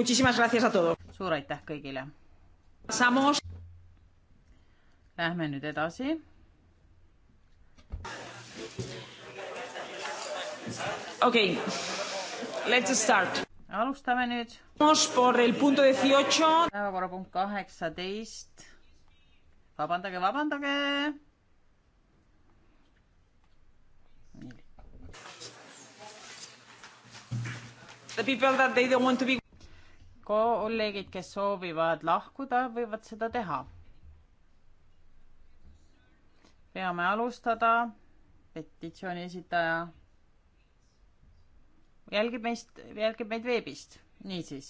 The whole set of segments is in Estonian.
Muchísimas gracias a todos. suur aitäh kõigile. Samos. Lähme nüüd edasi. okei okay., let's start. alustame nüüd. Vamos por el punto dieciocho. päevakorrapunkt kaheksateist. vabandage, vabandage. The people that they don't want to be kolleegid, kes soovivad lahkuda, võivad seda teha. peame alustada. petitsiooni esitaja jälgib meist, jälgib meid veebist, niisiis.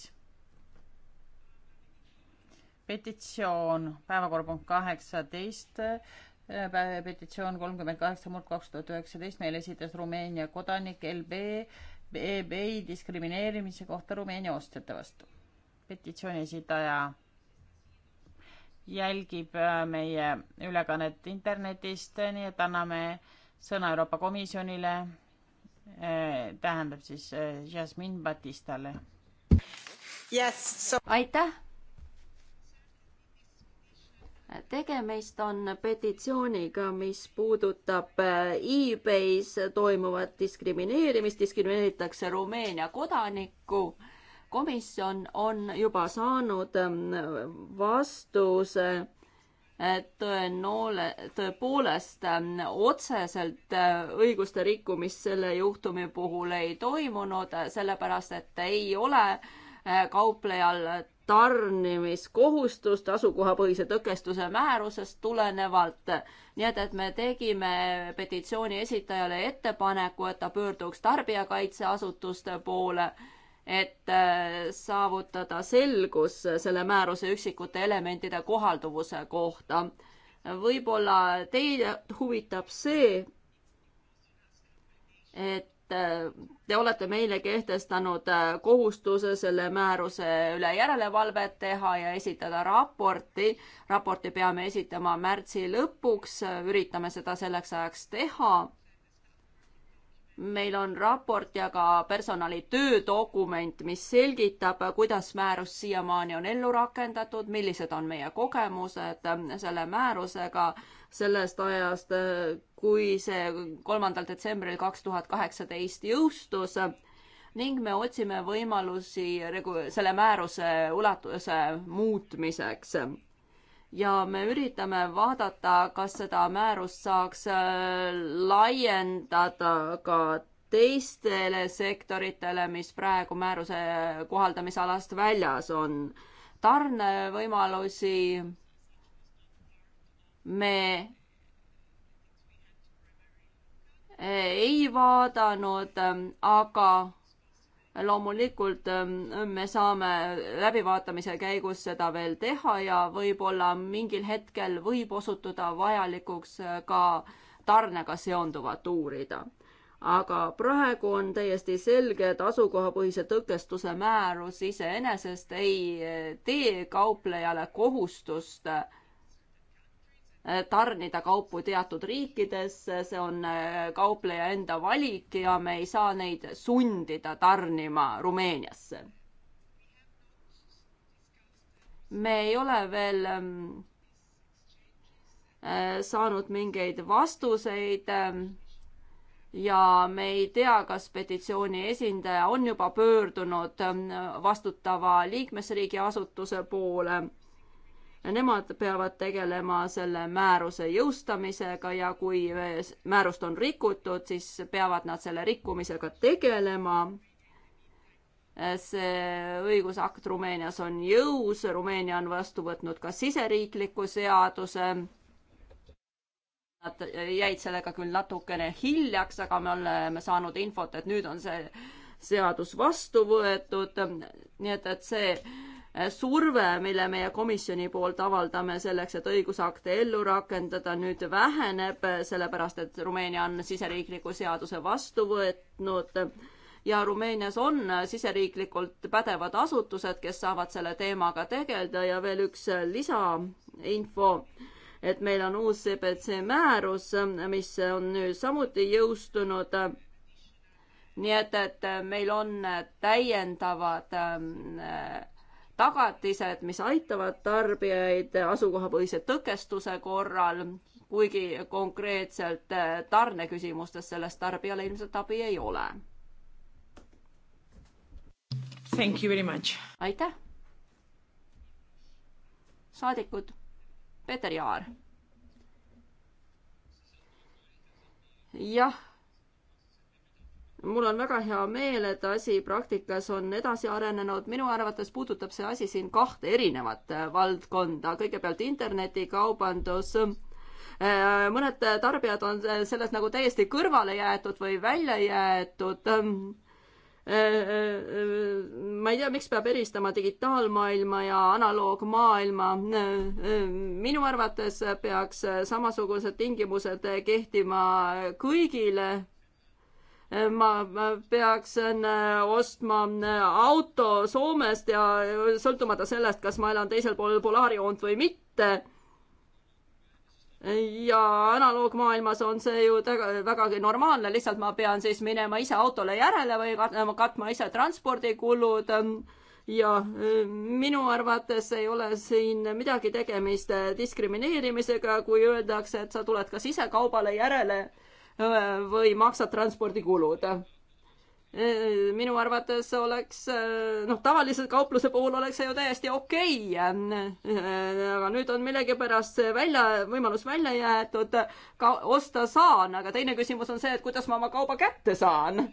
petitsioon, päevakorrapunkt kaheksateist petitsioon kolmkümmend kaheksa murd kaks tuhat üheksateist meile esitas Rumeenia kodanik LB EBI diskrimineerimise kohta Rumeenia ostjate vastu petitsiooni esitaja jälgib äh, meie ülekannet internetist, nii et anname sõna Euroopa Komisjonile, äh, tähendab siis äh, Jasmin Batistale yes,. So... aitäh! tegemist on petitsiooniga, mis puudutab e-base toimuvat diskrimineerimist, diskrimineeritakse Rumeenia kodanikku komisjon on juba saanud ähm, vastuse äh, tõenoole, tõepoolest ähm, otseselt äh, õiguste rikkumist selle juhtumi puhul ei toimunud, äh, sellepärast et ei ole kauplejal tarnimiskohustust asukohapõhise tõkestuse määrusest tulenevalt. nii et, et me tegime petitsiooni esitajale ettepaneku, et ta pöörduks tarbijakaitseasutuste poole et äh, saavutada selgus selle määruse üksikute elementide kohalduvuse kohta. võib-olla teid huvitab see, et äh, te olete meile kehtestanud äh, kohustuse selle määruse üle järelevalvet teha ja esitada raporti. raporti peame esitama märtsi lõpuks, üritame seda selleks ajaks teha meil on raport ja ka personali töödokument, mis selgitab, kuidas määrus siiamaani on ellu rakendatud, millised on meie kogemused selle määrusega sellest ajast, kui see kolmandal detsembril kaks tuhat kaheksateist jõustus ning me otsime võimalusi regu-, selle määruse ulatuse muutmiseks ja me üritame vaadata, kas seda määrust saaks äh, laiendada ka teistele sektoritele, mis praegu määruse kohaldamisalast väljas on. tarnevõimalusi me ei vaadanud, aga loomulikult ähm, me saame läbivaatamise käigus seda veel teha ja võib-olla mingil hetkel võib osutuda vajalikuks äh, ka tarnega seonduvat uurida. aga praegu on täiesti selge, et asukohapõhise tõkestuse määrus iseenesest ei äh, tee kauplejale kohustust äh, tarnida kaupu teatud riikidesse, see on äh, kaupleja enda valik ja me ei saa neid sundida tarnima Rumeeniasse. me ei ole veel ähm, äh, saanud mingeid vastuseid ähm, ja me ei tea, kas petitsiooni esindaja on juba pöördunud ähm, vastutava liikmesriigi asutuse poole Nemad peavad tegelema selle määruse jõustamisega ja kui määrust on rikutud, siis peavad nad selle rikkumisega tegelema. see õigusakt Rumeenias on jõus, Rumeenia on vastu võtnud ka siseriikliku seaduse nad jäid sellega küll natukene hiljaks, aga me oleme saanud infot, et nüüd on see seadus vastu võetud. nii et, et see Äh, surve, mille meie komisjoni poolt avaldame selleks, et õigusakte ellu rakendada, nüüd väheneb, sellepärast et Rumeenia on siseriikliku seaduse vastu võtnud ja Rumeenias on siseriiklikult pädevad asutused, kes saavad selle teemaga tegeleda ja veel üks lisainfo, et meil on uus CBC määrus, mis on nüüd samuti jõustunud nii et, et meil on täiendavad äh, tagatised, mis aitavad tarbijaid asukohapõhise tõkestuse korral, kuigi konkreetselt eh, tarneküsimustes sellest tarbijale ilmselt abi ei ole. Thank you very much. aitäh. saadikud, Peeter Jaar. jah mul on väga hea meel, et asi praktikas on edasi arenenud. minu arvates puudutab see asi siin kahte erinevat äh, valdkonda. kõigepealt internetikaubandus. Äh, mõned tarbijad on äh, sellest nagu täiesti kõrvale jäetud või välja jäetud. ma ei tea, miks peab eristama digitaalmaailma ja analoogmaailma. minu arvates peaks samasugused tingimused kehtima kõigile ma peaksin äh, ostma äh, auto Soomest ja äh, sõltumata sellest, kas ma elan teisel pool polaarjoont või mitte. ja analoogmaailmas on see ju väga, vägagi normaalne, lihtsalt ma pean siis minema ise autole järele või katma ise transpordikulud ja minu arvates ei ole siin midagi tegemist diskrimineerimisega, kui öeldakse, et sa tuled kas ise kaubale järele või maksad transpordikulud minu arvates oleks, noh, tavalise kaupluse puhul oleks see ju täiesti okei okay.. aga nüüd on millegipärast see välja, võimalus välja jäetud, ka osta saan, aga teine küsimus on see, et kuidas ma oma kauba kätte saan.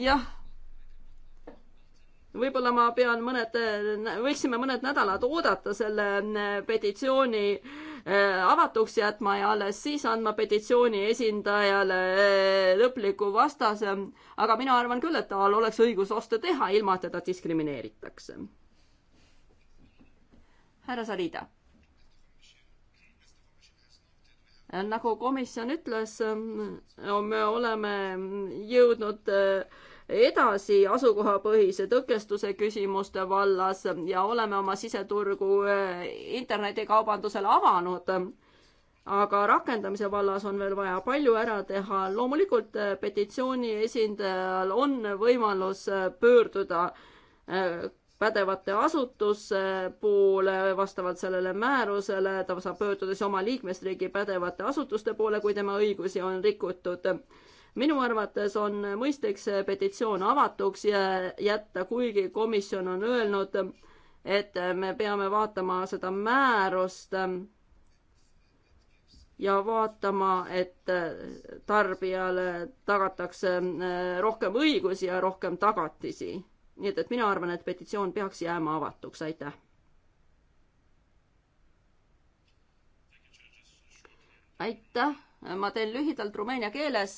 jah. võib-olla ma pean mõned, võiksime mõned nädalad oodata selle petitsiooni äh, Äh, avatuks jätma ja alles siis andma petitsiooni esindajale äh, lõpliku vastase. aga mina arvan küll, et tal oleks õigus oste teha, ilma et teda diskrimineeritakse. härra Sarida. Äh, nagu komisjon ütles, me oleme jõudnud äh, edasi asukohapõhise tõkestuse küsimuste vallas ja oleme oma siseturgu äh, internetikaubandusele avanud. aga rakendamise vallas on veel vaja palju ära teha. loomulikult äh, petitsiooni esindajal on võimalus äh, pöörduda pädevate asutuse poole vastavalt sellele määrusele, ta saab pöörduda siis oma liikmesriigi pädevate asutuste poole, kui tema õigusi on rikutud minu arvates on mõistlik see petitsioon avatuks jätta, kuigi komisjon on öelnud, et me peame vaatama seda määrust ähm, ja vaatama, et äh, tarbijale tagatakse äh, rohkem õigusi ja rohkem tagatisi. nii et, et mina arvan, et petitsioon peaks jääma avatuks, aitäh. aitäh, ma teen lühidalt rumeenia keeles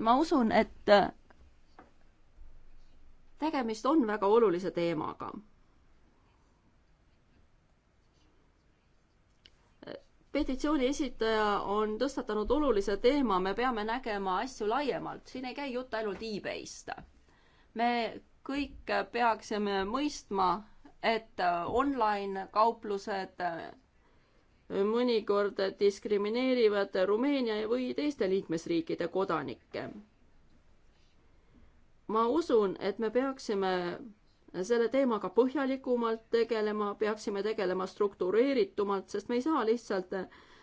ma usun, et tegemist on väga olulise teemaga. petitsiooni esitaja on tõstatanud olulise teema, me peame nägema asju laiemalt, siin ei käi jutt ainult e-base'ist. me kõik peaksime mõistma, et online kauplused mõnikord diskrimineerivad Rumeenia või teiste liikmesriikide kodanikke. ma usun, et me peaksime selle teemaga põhjalikumalt tegelema, peaksime tegelema struktureeritumalt, sest me ei saa lihtsalt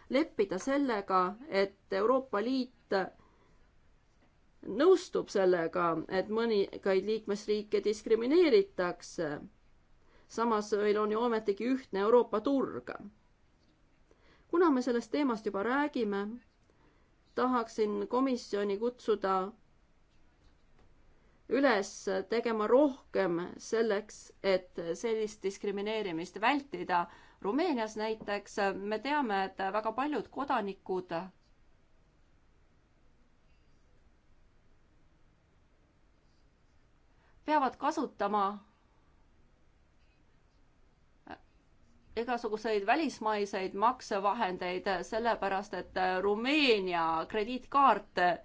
leppida sellega, et Euroopa Liit nõustub sellega, et mõningaid liikmesriike diskrimineeritakse. samas meil on ju ometigi ühtne Euroopa turg kuna me sellest teemast juba räägime, tahaksin komisjoni kutsuda üles tegema rohkem selleks, et sellist diskrimineerimist vältida. Rumeenias näiteks me teame, et väga paljud kodanikud peavad kasutama igasuguseid välismaiseid maksevahendeid, sellepärast et äh, Rumeenia krediitkaart äh,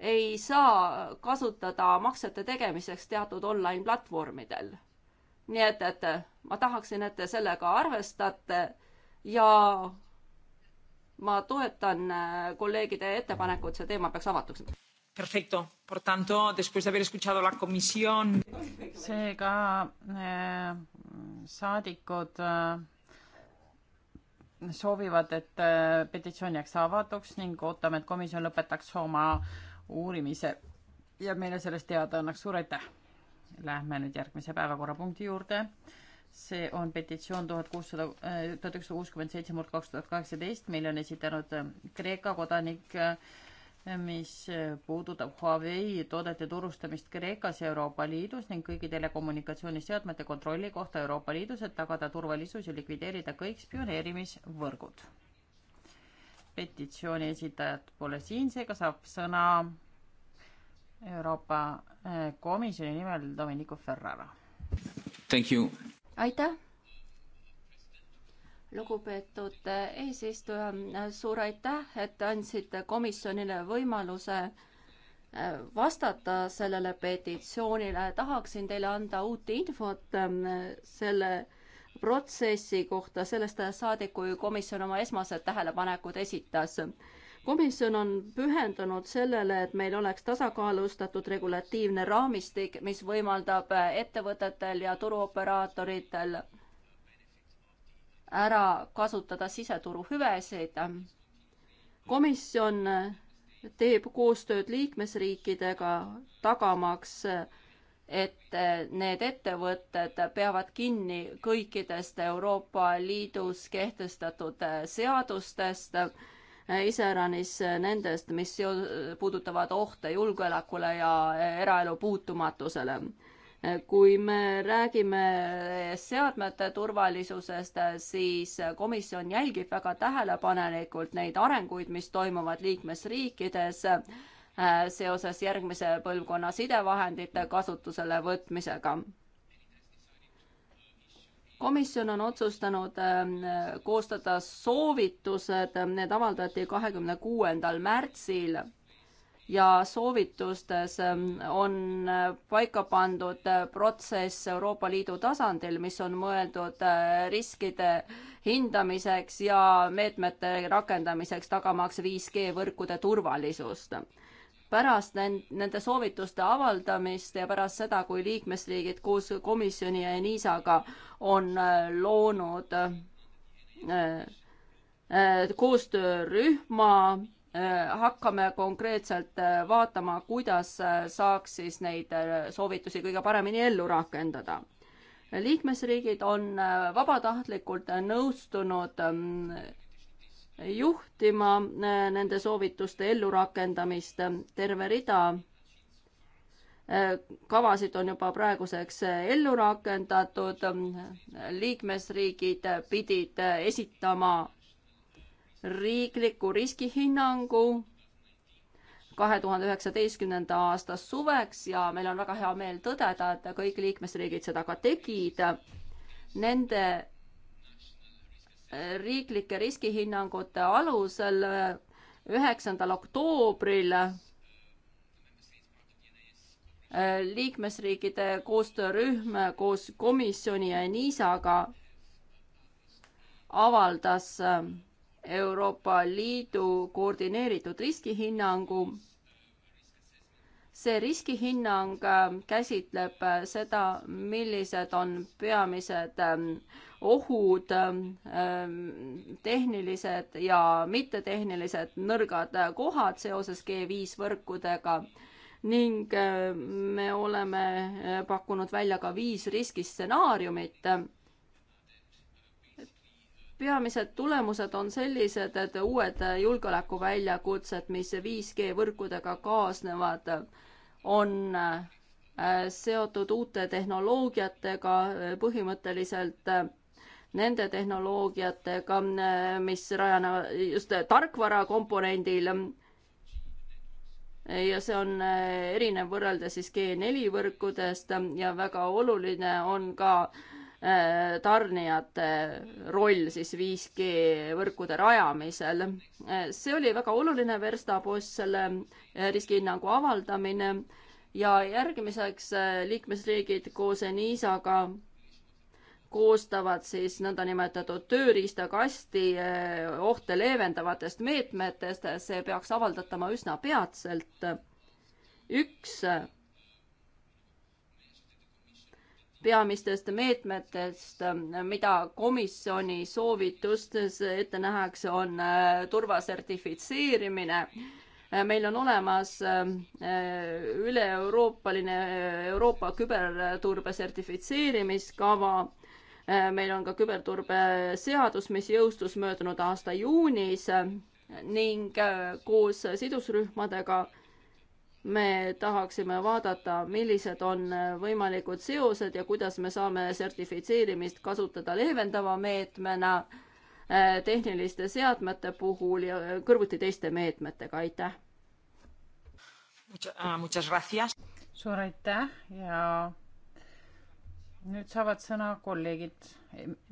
ei saa kasutada maksete tegemiseks teatud online platvormidel. nii et, et äh, ma tahaksin, et te sellega arvestate ja ma toetan kolleegide ettepanekut, see teema peaks avatuks. Perfecto. Por tanto, después de haber escuchado la comisión. seega äh, saadikud äh, soovivad, et äh, petitsioon jääks avatuks ning ootame, et komisjon lõpetaks oma uurimise ja meile sellest teada annaks. suur aitäh! Lähme nüüd järgmise päevakorrapunkti juurde. see on petitsioon tuhat kuussada, äh, tuhat ükssada kuuskümmend seitse murd kaks tuhat kaheksateist, mille on esitanud äh, Kreeka kodanik äh, mis äh, puudutab Huawei toodete turustamist Kreekas ja Euroopa Liidus ning kõigi telekommunikatsiooniseadmete kontrolli kohta Euroopa Liidus, et tagada turvalisus ja likvideerida kõik spioneerimisvõrgud. petitsiooni esitajat pole siin, seega saab sõna Euroopa äh, Komisjoni nimel Domenico Ferrara. aitäh lugupeetud eesistuja, suur aitäh, et andsite komisjonile võimaluse äh, vastata sellele petitsioonile. tahaksin teile anda uut infot ähm, selle protsessi kohta sellest ajast saadik, kui komisjon oma esmased tähelepanekud esitas. komisjon on pühendunud sellele, et meil oleks tasakaalustatud regulatiivne raamistik, mis võimaldab äh, ettevõtetel ja turuoperaatoritel ära kasutada siseturu hüvesid. komisjon teeb koostööd liikmesriikidega, tagamaks, et need ettevõtted peavad kinni kõikidest Euroopa Liidus kehtestatud seadustest, iseäranis nendest, mis puudutavad ohte julgeolekule ja eraelu puutumatusele kui me räägime seadmete turvalisusest, siis komisjon jälgib väga tähelepanelikult neid arenguid, mis toimuvad liikmesriikides äh, seoses järgmise põlvkonna sidevahendite kasutusele võtmisega. komisjon on otsustanud äh, koostada soovitused, need avaldati kahekümne kuuendal märtsil ja soovitustes ähm, on äh, paika pandud äh, protsess Euroopa Liidu tasandil, mis on mõeldud äh, riskide hindamiseks ja meetmete rakendamiseks, tagamaks 5G võrkude turvalisust. pärast nende soovituste avaldamist ja pärast seda, kui liikmesriigid koos komisjoni ja ENISA-ga on loonud koostöörühma Äh, hakkame konkreetselt äh, vaatama, kuidas äh, saaks siis neid soovitusi kõige paremini ellu rakendada. liikmesriigid on vabatahtlikult nõustunud ähm, juhtima nende soovituste ellurakendamist, terve rida kavasid on juba praeguseks ellu rakendatud, liikmesriigid pidid esitama riikliku riskihinnangu kahe tuhande üheksateistkümnenda aasta suveks ja meil on väga hea meel tõdeda, et kõik liikmesriigid seda ka tegid. Nende äh, riiklike riskihinnangute alusel äh, üheksandal oktoobril äh, liikmesriikide koostöörühm koos komisjoni ja NISAga avaldas äh, Euroopa Liidu koordineeritud riskihinnangu. see riskihinnang ähm, käsitleb äh, seda, millised on peamised ähm, ohud, ähm, tehnilised ja mittetehnilised nõrgad äh, kohad seoses G5 võrkudega ning äh, me oleme pakkunud välja ka viis riskistsenaariumit peamised tulemused on sellised, et uued julgeolekuväljakutsed, mis 5G võrkudega kaasnevad, on äh, seotud uute tehnoloogiatega, põhimõtteliselt äh, nende tehnoloogiatega, äh, mis rajanevad just tarkvara komponendil. ja see on erinev võrreldes siis G4 võrkudest ja väga oluline on ka äh, Äh, tarnijate roll siis 5G võrkude rajamisel. Äh, see oli väga oluline verstapost, selle äh, riskihinnangu avaldamine ja järgmiseks liikmesriigid koos ENISA-ga koostavad siis nõndanimetatud tööriistakasti ohte leevendavatest meetmetest, see peaks avaldatama üsna peatselt. üks peamistest meetmetest, mida komisjoni soovitustes ette nähakse, on äh, turvasertifitseerimine. Äh, meil on olemas äh, üle-euroopaline Euroopa küberturbe sertifitseerimiskava meil on ka küberturbeseadus, mis jõustus möödunud aasta juunis ning koos sidusrühmadega äh, me tahaksime vaadata, millised on võimalikud seosed ja kuidas me saame sertifitseerimist kasutada leevendava meetmena eh, tehniliste seadmete puhul ja kõrvuti teiste meetmetega, aitäh! Ah, suur aitäh ja nüüd saavad sõna kolleegid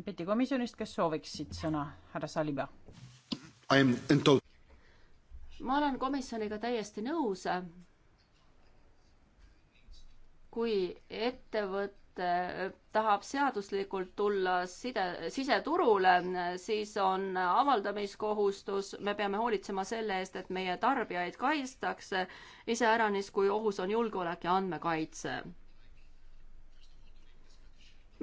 Peti komisjonist, kes sooviksid sõna, härra Saliba. ma olen komisjoniga täiesti nõus kui ettevõte tahab seaduslikult tulla side, siseturule, siis on avaldamiskohustus, me peame hoolitsema selle eest, et meie tarbijaid kaitstakse, iseäranis, kui ohus on julgeolek ja andmekaitse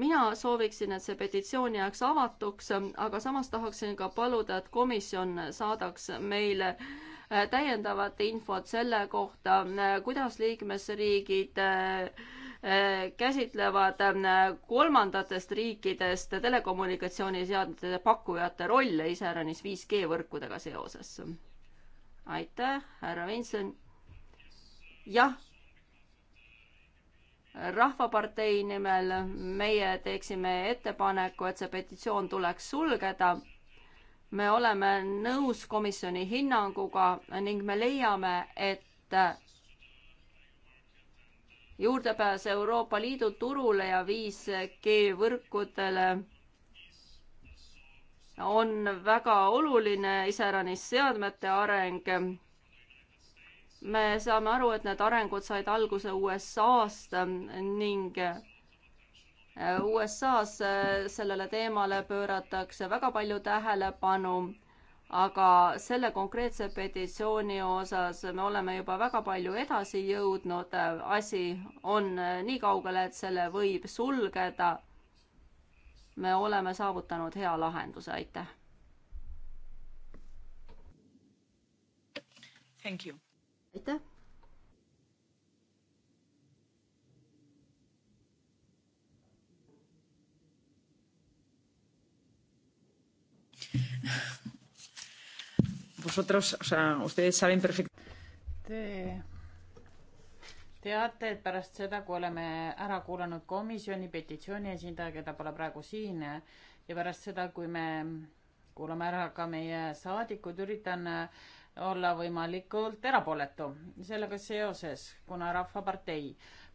mina sooviksin, et see petitsioon jääks avatuks, aga samas tahaksin ka paluda, et komisjon saadaks meile äh, Äh, täiendavat infot selle kohta, äh, kuidas liikmesriigid äh, käsitlevad kolmandatest riikidest telekommunikatsiooniseadmete pakkujate rolle iseäranis 5G võrkudega seoses. aitäh, härra Vinson. jah rahvapartei nimel meie teeksime ettepaneku, et see petitsioon tuleks sulgeda me oleme nõus komisjoni hinnanguga ning me leiame, et juurdepääs Euroopa Liidu turule ja 5G võrkudele on väga oluline iseäranis seadmete areng. me saame aru, et need arengud said alguse USA-st ning USA-s äh, sellele teemale pööratakse väga palju tähelepanu, aga selle konkreetse petitsiooni osas me oleme juba väga palju edasi jõudnud, asi on äh, nii kaugel, et selle võib sulgeda. me oleme saavutanud hea lahenduse, aitäh. aitäh. Vosotros, o sea, ustedes saben perfectamente. Te teate, et pärast seda, kui oleme ära kuulanud komisjoni petitsiooni esindaja, keda pole praegu siin ja pärast seda, kui me kuulame ära ka meie saadikud, üritan olla võimalikult erapooletu. sellega seoses, kuna Rahvapartei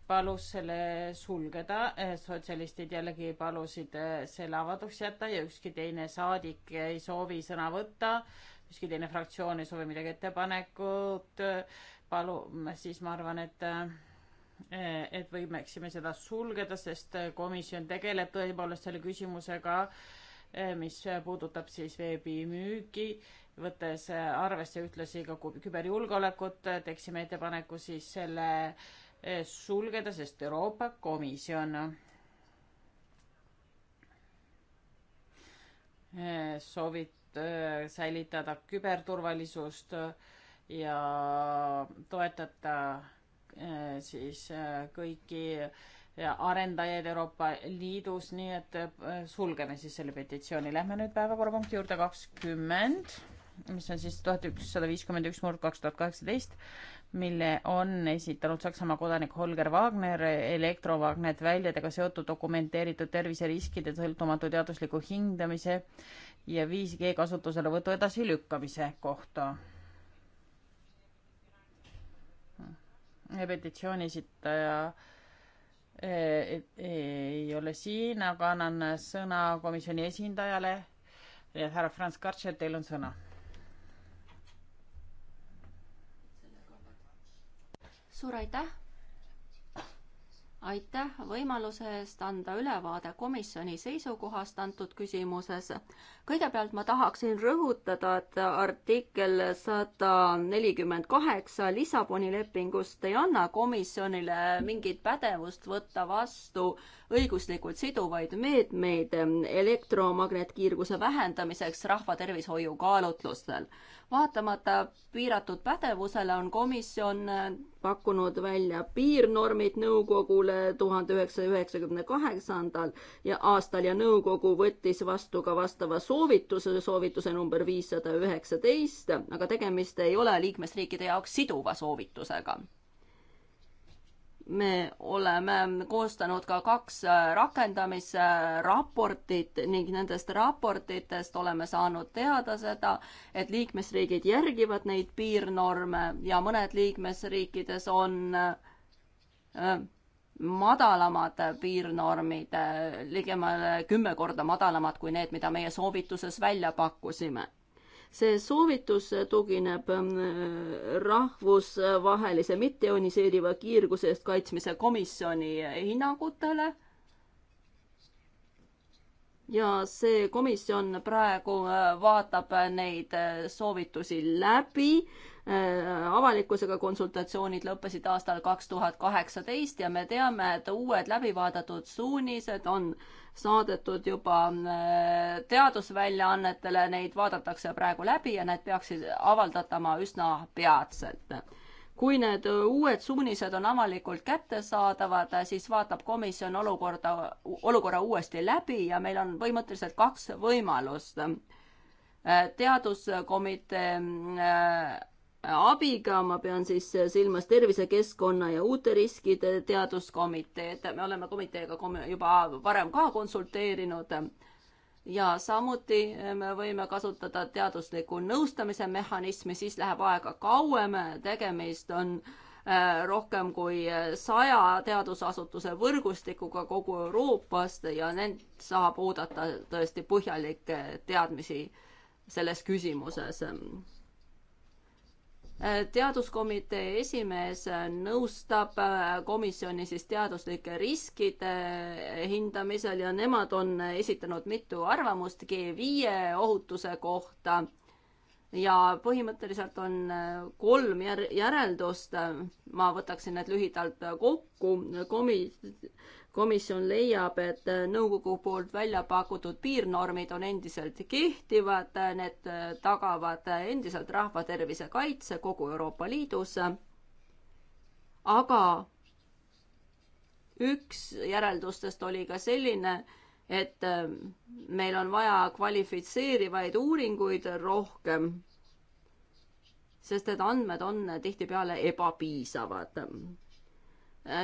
palus selle sulgeda, eh, sotsialistid jällegi palusid eh, selle avatuks jätta ja ükski teine saadik ei soovi sõna võtta, ükski teine fraktsioon ei soovi midagi ettepanekut, eh, palu, siis ma arvan, et et võimeksime seda sulgeda, sest komisjon tegeleb tõepoolest selle küsimusega, mis puudutab siis veebimüüki, võttes arvesse ühtlasi ka küberjulgeolekut, teeksime ettepaneku siis selle äh, Eh, sulgeda, sest Euroopa Komisjon eh, soovid eh, säilitada küberturvalisust ja toetada siis kõiki arendajaid Euroopa Liidus, nii et sulgeme siis selle petitsiooni. Lähme nüüd päevakorrapunkti juurde kakskümmend, mis on siis tuhat ükssada viiskümmend üks murd kaks tuhat kaheksateist mille on esitanud Saksamaa kodanik Holger Wagner elektrovagnetväljedega seotud dokumenteeritud terviseriskide sõltumatu teadusliku hindamise ja 5G kasutuselevõtu edasilükkamise kohta. petitsiooni esitaja e, e, e, ei ole siin, aga annan sõna komisjoni esindajale. härra Franz Kartšer, teil on sõna suur aitäh! aitäh võimaluse eest anda ülevaade komisjoni seisukohast antud küsimuses. kõigepealt ma tahaksin rõhutada, et artikkel sada nelikümmend kaheksa Lissaboni lepingust ei anna komisjonile mingit pädevust võtta vastu õiguslikult siduvaid meetmeid elektromagnetkiirguse vähendamiseks rahvatervishoiu kaalutlustel vaatamata piiratud pädevusele on komisjon äh, pakkunud välja piirnormid nõukogule tuhande üheksasaja üheksakümne kaheksandal ja aastal ja nõukogu võttis vastu ka vastava soovituse, soovituse number viissada üheksateist, aga tegemist ei ole liikmesriikide jaoks siduva soovitusega me oleme koostanud ka kaks rakendamisraportit ning nendest raportitest oleme saanud teada seda, et liikmesriigid järgivad neid piirnorme ja mõned liikmesriikides on äh, madalamad piirnormid, äh, ligemale kümme korda madalamad kui need, mida meie soovituses välja pakkusime see soovitus tugineb ähm, rahvusvahelise mitteioniseeriva kiirguse eest kaitsmise komisjoni hinnangutele. ja see komisjon praegu äh, vaatab neid äh, soovitusi läbi Äh, avalikkusega konsultatsioonid lõppesid aastal kaks tuhat kaheksateist ja me teame, et uued läbivaadatud suunised on saadetud juba äh, teadusväljaannetele, neid vaadatakse praegu läbi ja need peaksid avaldatama üsna peatselt kui need uued suunised on avalikult kättesaadavad, siis vaatab komisjon olukorda, olukorra uuesti läbi ja meil on põhimõtteliselt kaks võimalust äh, teaduskomitee abiga, ma pean siis silmas tervisekeskkonna ja uute riskide teaduskomiteed, me oleme komiteega juba varem ka konsulteerinud ja samuti me võime kasutada teadusliku nõustamise mehhanismi, siis läheb aega kauem, tegemist on äh, rohkem kui saja teadusasutuse võrgustikuga kogu Euroopast ja nend saab oodata tõesti põhjalikke teadmisi selles küsimuses teaduskomitee esimees nõustab äh, komisjoni siis teaduslike riskide äh, hindamisel ja nemad on esitanud mitu arvamust G5 ohutuse kohta. ja põhimõtteliselt on äh, kolm järeldust, ma võtaksin need lühidalt kokku, komi-, komisjon leiab, et nõukogu poolt välja pakutud piirnormid on endiselt kehtivad, need tagavad endiselt rahvatervise kaitse kogu Euroopa Liidus. aga üks järeldustest oli ka selline, et meil on vaja kvalifitseerivaid uuringuid rohkem, sest et andmed on tihtipeale ebapiisavad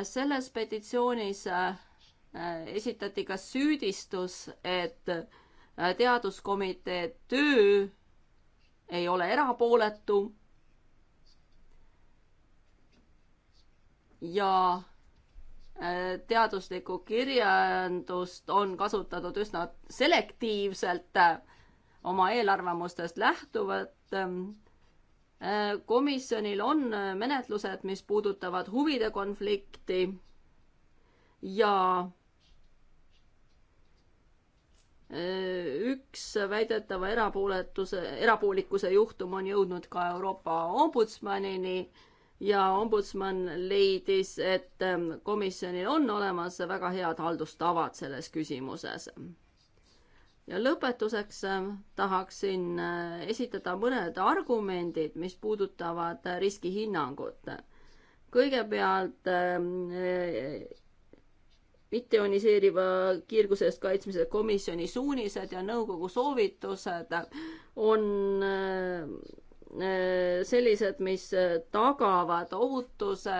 selles petitsioonis äh, äh, esitati ka süüdistus, et äh, teaduskomitee töö ei ole erapooletu. ja teaduslikku kirjandust on kasutatud üsna selektiivselt oma eelarvamustest lähtuvalt ähm, Äh, komisjonil on äh, menetlused, mis puudutavad huvide konflikti ja äh, üks väidetava erapooletuse, erapoolikuse juhtum on jõudnud ka Euroopa ombudsmanini ja ombudsman leidis, et ähm, komisjonil on olemas väga head haldustavad selles küsimuses ja lõpetuseks ähm, tahaksin äh, esitada mõned argumendid, mis puudutavad äh, riskihinnangut. kõigepealt ähm, äh, mitteioniseeriva kiirguse eest kaitsmise komisjoni suunised ja nõukogu soovitused on Äh, sellised, mis tagavad ohutuse,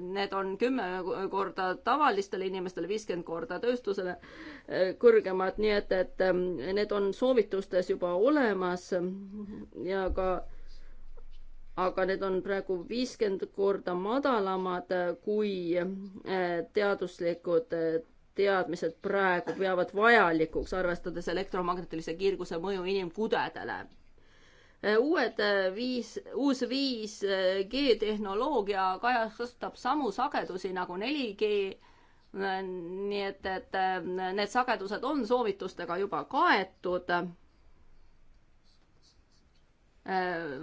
need on kümme korda tavalistele inimestele, viiskümmend korda tööstusele äh, kõrgemad, nii et, et ähm, need on soovitustes juba olemas ja ka aga need on praegu viiskümmend korda madalamad äh, kui teaduslikud teadmised praegu peavad vajalikuks, arvestades elektromagnetilise kiirguse mõju inimkudedele Äh, uued äh, viis, uus 5G äh, tehnoloogia kajastab samu sagedusi nagu 4G. nii et, et need sagedused on soovitustega juba kaetud.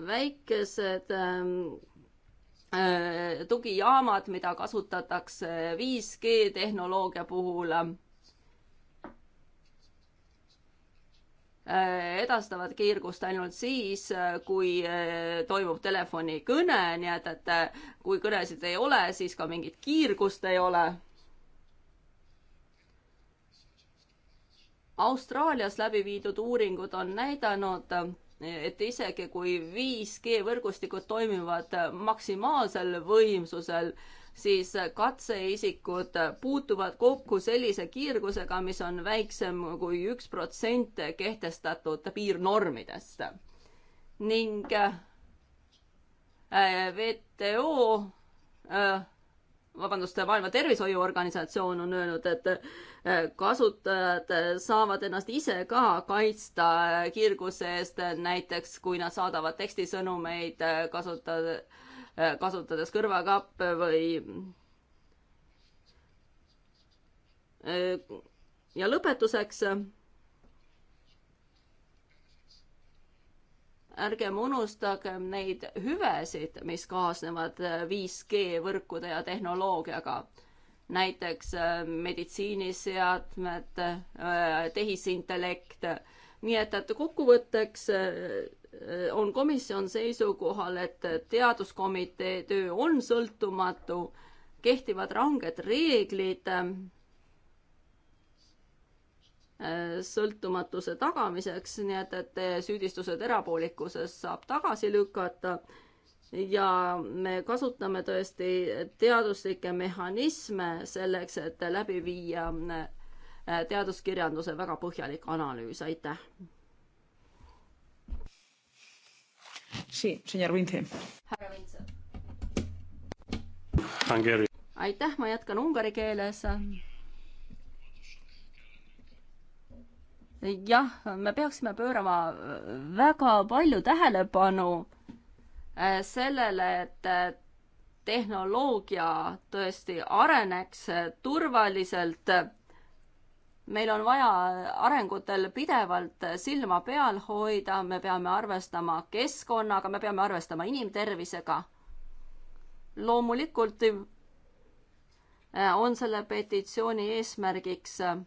väikesed ähm, tugijaamad, mida kasutatakse 5G tehnoloogia puhul Äh, edastavad kiirgust ainult siis, äh, kui äh, toimub telefonikõne, nii et, et kui kõnesid ei ole, siis ka mingit kiirgust ei ole. Austraalias läbi viidud uuringud on näidanud, et isegi kui 5G võrgustikud toimivad maksimaalsel võimsusel, siis katseisikud puutuvad kokku sellise kiirgusega, mis on väiksem kui üks protsent kehtestatud piirnormidest. ning äh, WTO äh, vabandust, Maailma Tervishoiuorganisatsioon on öelnud, et äh, kasutajad saavad ennast ise ka kaitsta kiirguse eest, näiteks kui nad saadavad tekstisõnumeid kasutada, Äh, kasutades kõrvakappe või. Äh, ja lõpetuseks. ärgem unustagem neid hüvesid, mis kaasnevad 5G äh, võrkude ja tehnoloogiaga näiteks meditsiiniseadmed, tehisintellekt, nii et, et kokkuvõtteks Äh, on komisjon seisukohal, et teaduskomitee töö on sõltumatu, kehtivad ranged reeglid äh, sõltumatuse tagamiseks, nii et, et süüdistused erapoolikuses saab tagasi lükata ja me kasutame tõesti teaduslikke mehhanisme selleks, et läbi viia äh, teaduskirjanduse väga põhjalik analüüs, aitäh! härra Vintsev. aitäh, ma jätkan ungari keeles. jah, me peaksime pöörama väga palju tähelepanu eh, sellele, et eh, tehnoloogia tõesti areneks turvaliselt meil on vaja arengutel pidevalt silma peal hoida, me peame arvestama keskkonnaga, me peame arvestama inimtervisega. loomulikult äh, on selle petitsiooni eesmärgiks äh,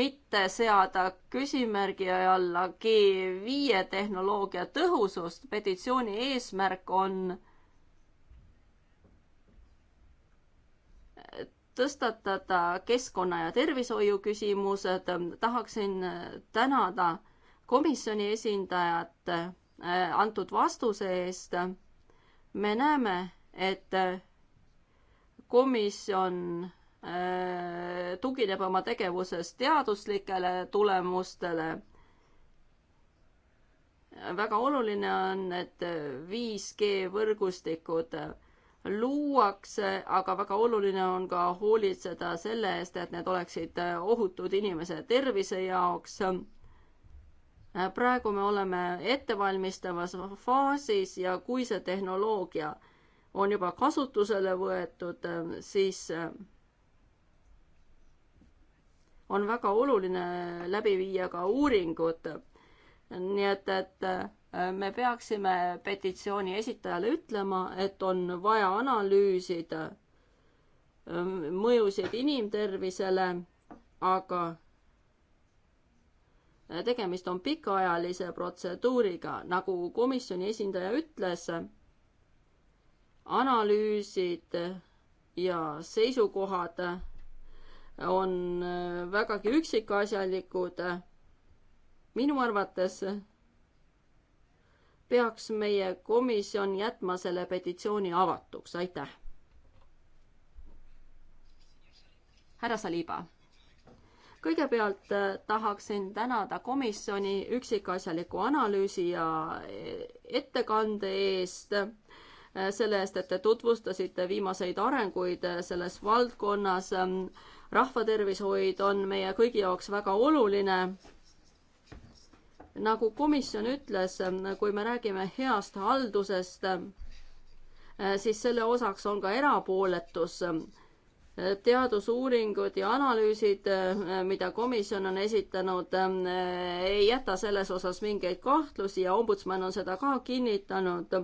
mitte seada küsimärgi alla G5 tehnoloogia tõhusust. petitsiooni eesmärk on tõstatada keskkonna ja tervishoiu küsimused. tahaksin tänada komisjoni esindajat äh, antud vastuse eest. me näeme, et komisjon äh, tugineb oma tegevuses teaduslikele tulemustele. väga oluline on, et 5G võrgustikud luuakse, aga väga oluline on ka hoolitseda selle eest, et need oleksid äh, ohutud inimese tervise jaoks. praegu me oleme ettevalmistavas faasis ja kui see tehnoloogia on juba kasutusele võetud, siis äh, on väga oluline läbi viia ka uuringud. nii et, et äh, me peaksime petitsiooni esitajale ütlema, et on vaja analüüsida ähm, mõjusid inimtervisele, aga tegemist on pikaajalise protseduuriga, nagu komisjoni esindaja ütles, analüüsid ja seisukohad on äh, vägagi üksikasjalikud. minu arvates peaks meie komisjon jätma selle petitsiooni avatuks, aitäh. härra Saliba, kõigepealt äh, tahaksin tänada komisjoni üksikasjaliku analüüsi ja äh, ettekande eest, äh, selle eest, et te tutvustasite viimaseid arenguid selles valdkonnas. Ähm, rahvatervishoid on meie kõigi jaoks väga oluline nagu komisjon ütles, kui me räägime heast haldusest, siis selle osaks on ka erapooletus. teadusuuringud ja analüüsid, mida komisjon on esitanud, ei jäta selles osas mingeid kahtlusi ja ombudsman on seda ka kinnitanud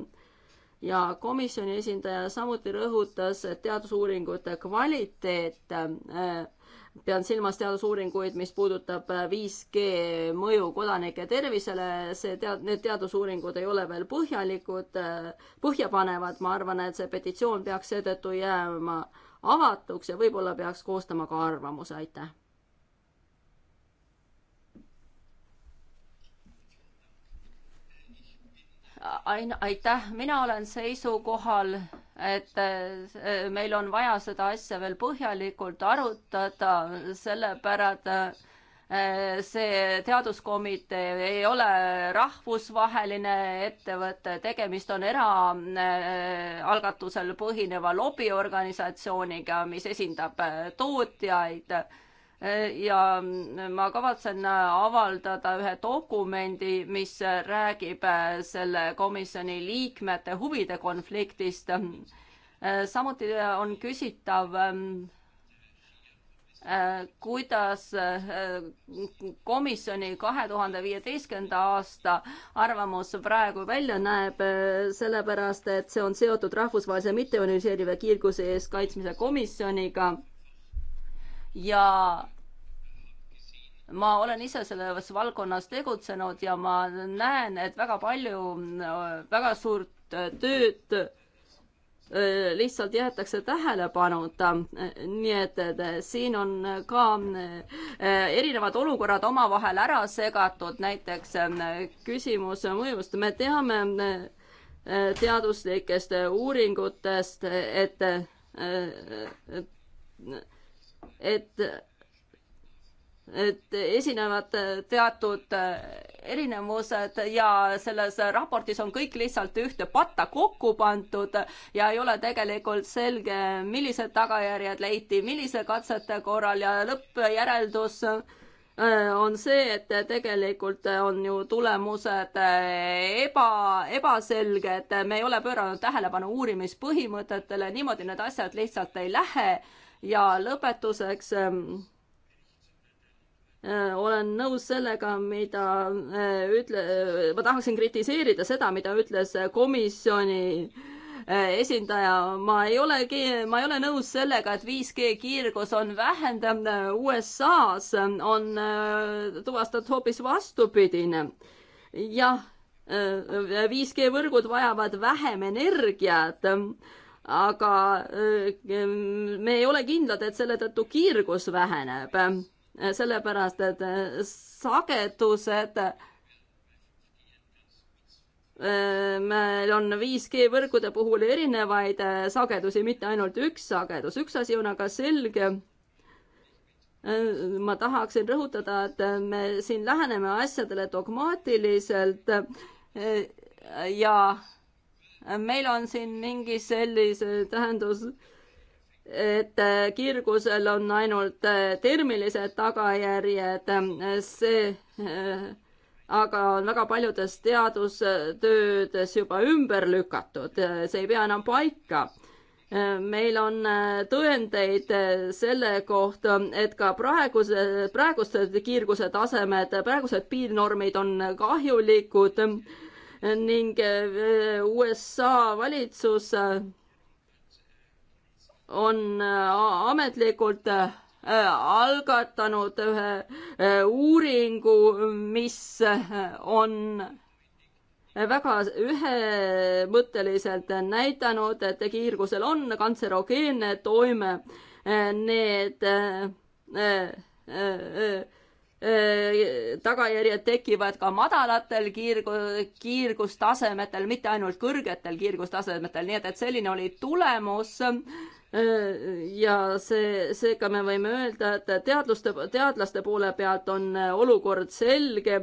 ja komisjoni esindaja samuti rõhutas, et teadusuuringute kvaliteet äh, pean silmas teadusuuringuid, mis puudutab 5G äh, mõju kodanike tervisele, see tead-, need teadusuuringud ei ole veel põhjalikud, äh, põhjapanevad, ma arvan, et see petitsioon peaks seetõttu jääma avatuks ja võib-olla peaks koostama ka arvamuse, aitäh. ain-, aitäh, mina olen seisukohal, et äh, meil on vaja seda asja veel põhjalikult arutada, sellepärast äh, see teaduskomitee ei ole rahvusvaheline ettevõte, tegemist on eraalgatusel põhineva lobiorganisatsiooniga, mis esindab äh, tootjaid ja ma kavatsen avaldada ühe dokumendi, mis räägib selle komisjoni liikmete huvide konfliktist. samuti on küsitav, kuidas komisjoni kahe tuhande viieteistkümnenda aasta arvamus praegu välja näeb, sellepärast et see on seotud rahvusvahelise mitteioniseeriva kiirguse eest kaitsmise komisjoniga ja ma olen ise selles valdkonnas tegutsenud ja ma näen, et väga palju väga suurt tööd äh, lihtsalt jäetakse tähelepanuta. nii et, et siin on ka äh, erinevad olukorrad omavahel ära segatud, näiteks äh, küsimus mõjust. me teame teaduslikest uuringutest, et et et esinevad teatud erinevused ja selles raportis on kõik lihtsalt ühte patta kokku pandud ja ei ole tegelikult selge, millised tagajärjed leiti, millise katsete korral ja lõppjäreldus äh, on see, et tegelikult on ju tulemused äh, eba, ebaselged, me ei ole pööranud tähelepanu uurimispõhimõtetele, niimoodi need asjad lihtsalt ei lähe ja lõpetuseks ähm, äh, olen nõus sellega, mida äh, ütle, äh, ma tahaksin kritiseerida seda, mida ütles komisjoni esindaja, ma ei olegi, ma ei ole nõus sellega, et 5G kiirgus on vähendav. USA-s on tuvastatud hoopis vastupidine. jah, 5G võrgud vajavad vähem energiat aga äh, me ei ole kindlad, et selle tõttu kiirgus väheneb, äh, sellepärast et äh, sagedused meil on 5G võrgude puhul erinevaid sagedusi, mitte ainult üks sagedus, üks asi on aga selge. ma tahaksin rõhutada, et me siin läheneme asjadele dogmaatiliselt ja meil on siin mingi sellise tähendus, et äh, kirgusel on ainult äh, termilised tagajärjed, äh, see aga on väga paljudes teadustöödes juba ümber lükatud, see ei pea enam paika meil on tõendeid selle kohta, et ka praeguse, praegused kiirguse tasemed, praegused piirnormid on kahjulikud ning eh, USA valitsus eh, on eh, ametlikult algatanud ühe uuringu, mis on väga ühemõtteliselt näidanud, et kiirgusel on kantserogeenne toime. Need tagajärjed tekivad ka madalatel kiirgu-, kiirgustasemetel, mitte ainult kõrgetel kiirgustasemetel, nii et, et selline oli tulemus. ja see, seega me võime öelda, et teadluste, teadlaste poole pealt on olukord selge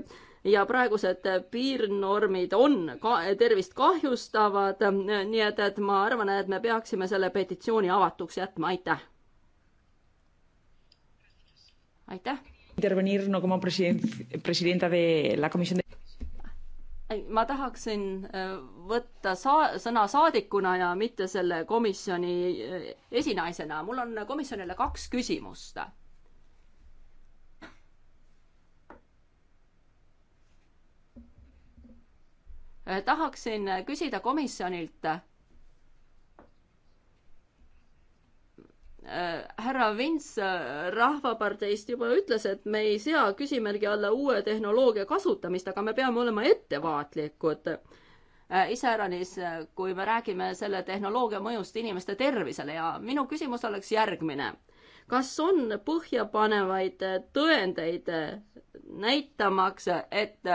ja praegused piirnormid on ka tervist kahjustavad, nii et, et ma arvan, et me peaksime selle petitsiooni avatuks jätma, aitäh. aitäh intervenir no como president, presidenta de la comisión de ma tahaksin äh, võtta saa-, sõna saadikuna ja mitte selle komisjoni äh, esinaisena. mul on komisjonile kaks küsimust. Äh, tahaksin küsida komisjonilt Äh, härra Vints äh, Rahvaparteist juba ütles, et me ei sea küsimärgi alla uue tehnoloogia kasutamist, aga me peame olema ettevaatlikud. Äh, iseäranis, kui me räägime selle tehnoloogia mõjust inimeste tervisele ja minu küsimus oleks järgmine. kas on põhjapanevaid tõendeid näitamaks, et